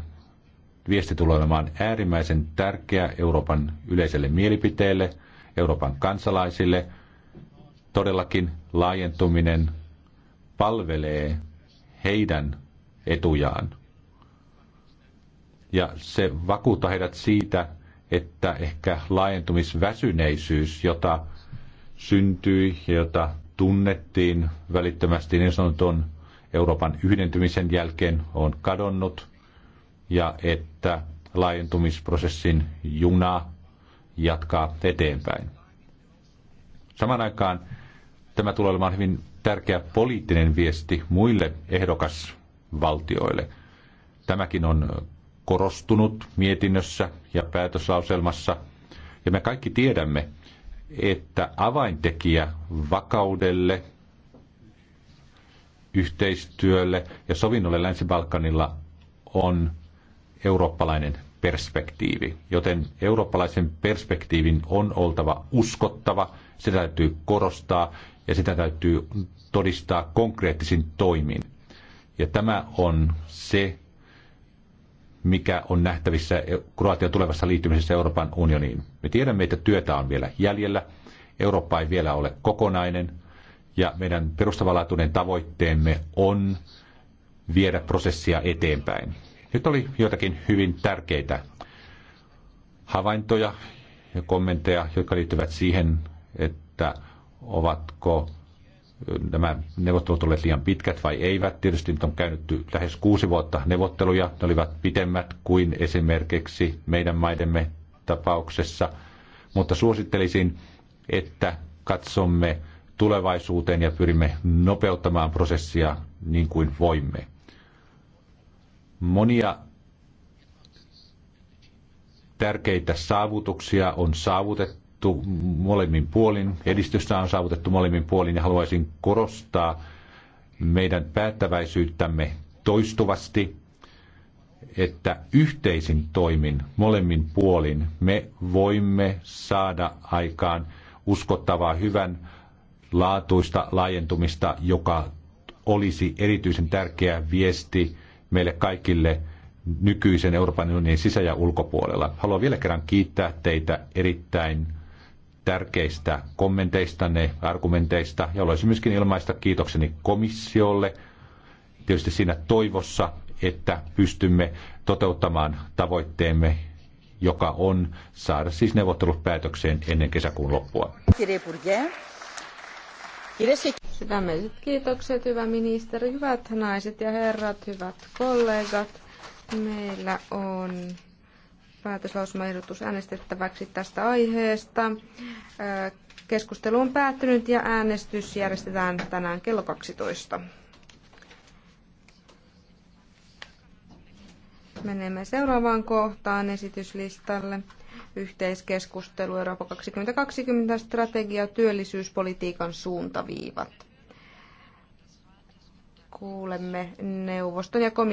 Speaker 2: Viesti tulee olemaan äärimmäisen tärkeä Euroopan yleiselle mielipiteelle, Euroopan kansalaisille. Todellakin laajentuminen palvelee heidän etujaan ja se vakuuttaa heidät siitä, että ehkä laajentumisväsyneisyys, jota syntyi ja jota tunnettiin välittömästi niin sanotun Euroopan yhdentymisen jälkeen, on kadonnut ja että laajentumisprosessin juna jatkaa eteenpäin. Samaan aikaan tämä tulee olemaan hyvin tärkeä poliittinen viesti muille ehdokasvaltioille. Tämäkin on korostunut mietinnössä ja päätöslauselmassa. Ja me kaikki tiedämme, että avaintekijä vakaudelle, yhteistyölle ja sovinnolle Länsi-Balkanilla on eurooppalainen perspektiivi. Joten eurooppalaisen perspektiivin on oltava uskottava, sitä täytyy korostaa ja sitä täytyy todistaa konkreettisin toimin. Ja tämä on se mikä on nähtävissä Kroatian tulevassa liittymisessä Euroopan unioniin. Me tiedämme, että työtä on vielä jäljellä. Eurooppa ei vielä ole kokonainen. Ja meidän perustavanlaatuinen tavoitteemme on viedä prosessia eteenpäin. Nyt oli joitakin hyvin tärkeitä havaintoja ja kommentteja, jotka liittyvät siihen, että ovatko nämä neuvottelut olivat liian pitkät vai eivät. Tietysti nyt on käynyt lähes kuusi vuotta neuvotteluja. Ne olivat pitemmät kuin esimerkiksi meidän maidemme tapauksessa. Mutta suosittelisin, että katsomme tulevaisuuteen ja pyrimme nopeuttamaan prosessia niin kuin voimme. Monia tärkeitä saavutuksia on saavutettu saavutettu molemmin puolin, edistystä on saavutettu molemmin puolin ja haluaisin korostaa meidän päättäväisyyttämme toistuvasti, että yhteisin toimin molemmin puolin me voimme saada aikaan uskottavaa hyvän laatuista laajentumista, joka olisi erityisen tärkeä viesti meille kaikille nykyisen Euroopan unionin sisä- ja ulkopuolella. Haluan vielä kerran kiittää teitä erittäin tärkeistä kommenteistanne, argumenteista ja haluaisin myöskin ilmaista kiitokseni komissiolle tietysti siinä toivossa, että pystymme toteuttamaan tavoitteemme, joka on saada siis neuvottelut päätökseen ennen kesäkuun loppua.
Speaker 3: Sydämelliset kiitokset, hyvä ministeri, hyvät naiset ja herrat, hyvät kollegat. Meillä on päätöslausumaehdotus äänestettäväksi tästä aiheesta. Keskustelu on päättynyt ja äänestys järjestetään tänään kello 12. Menemme seuraavaan kohtaan esityslistalle. Yhteiskeskustelu Eurooppa 2020 strategia työllisyyspolitiikan suuntaviivat. Kuulemme neuvoston ja komission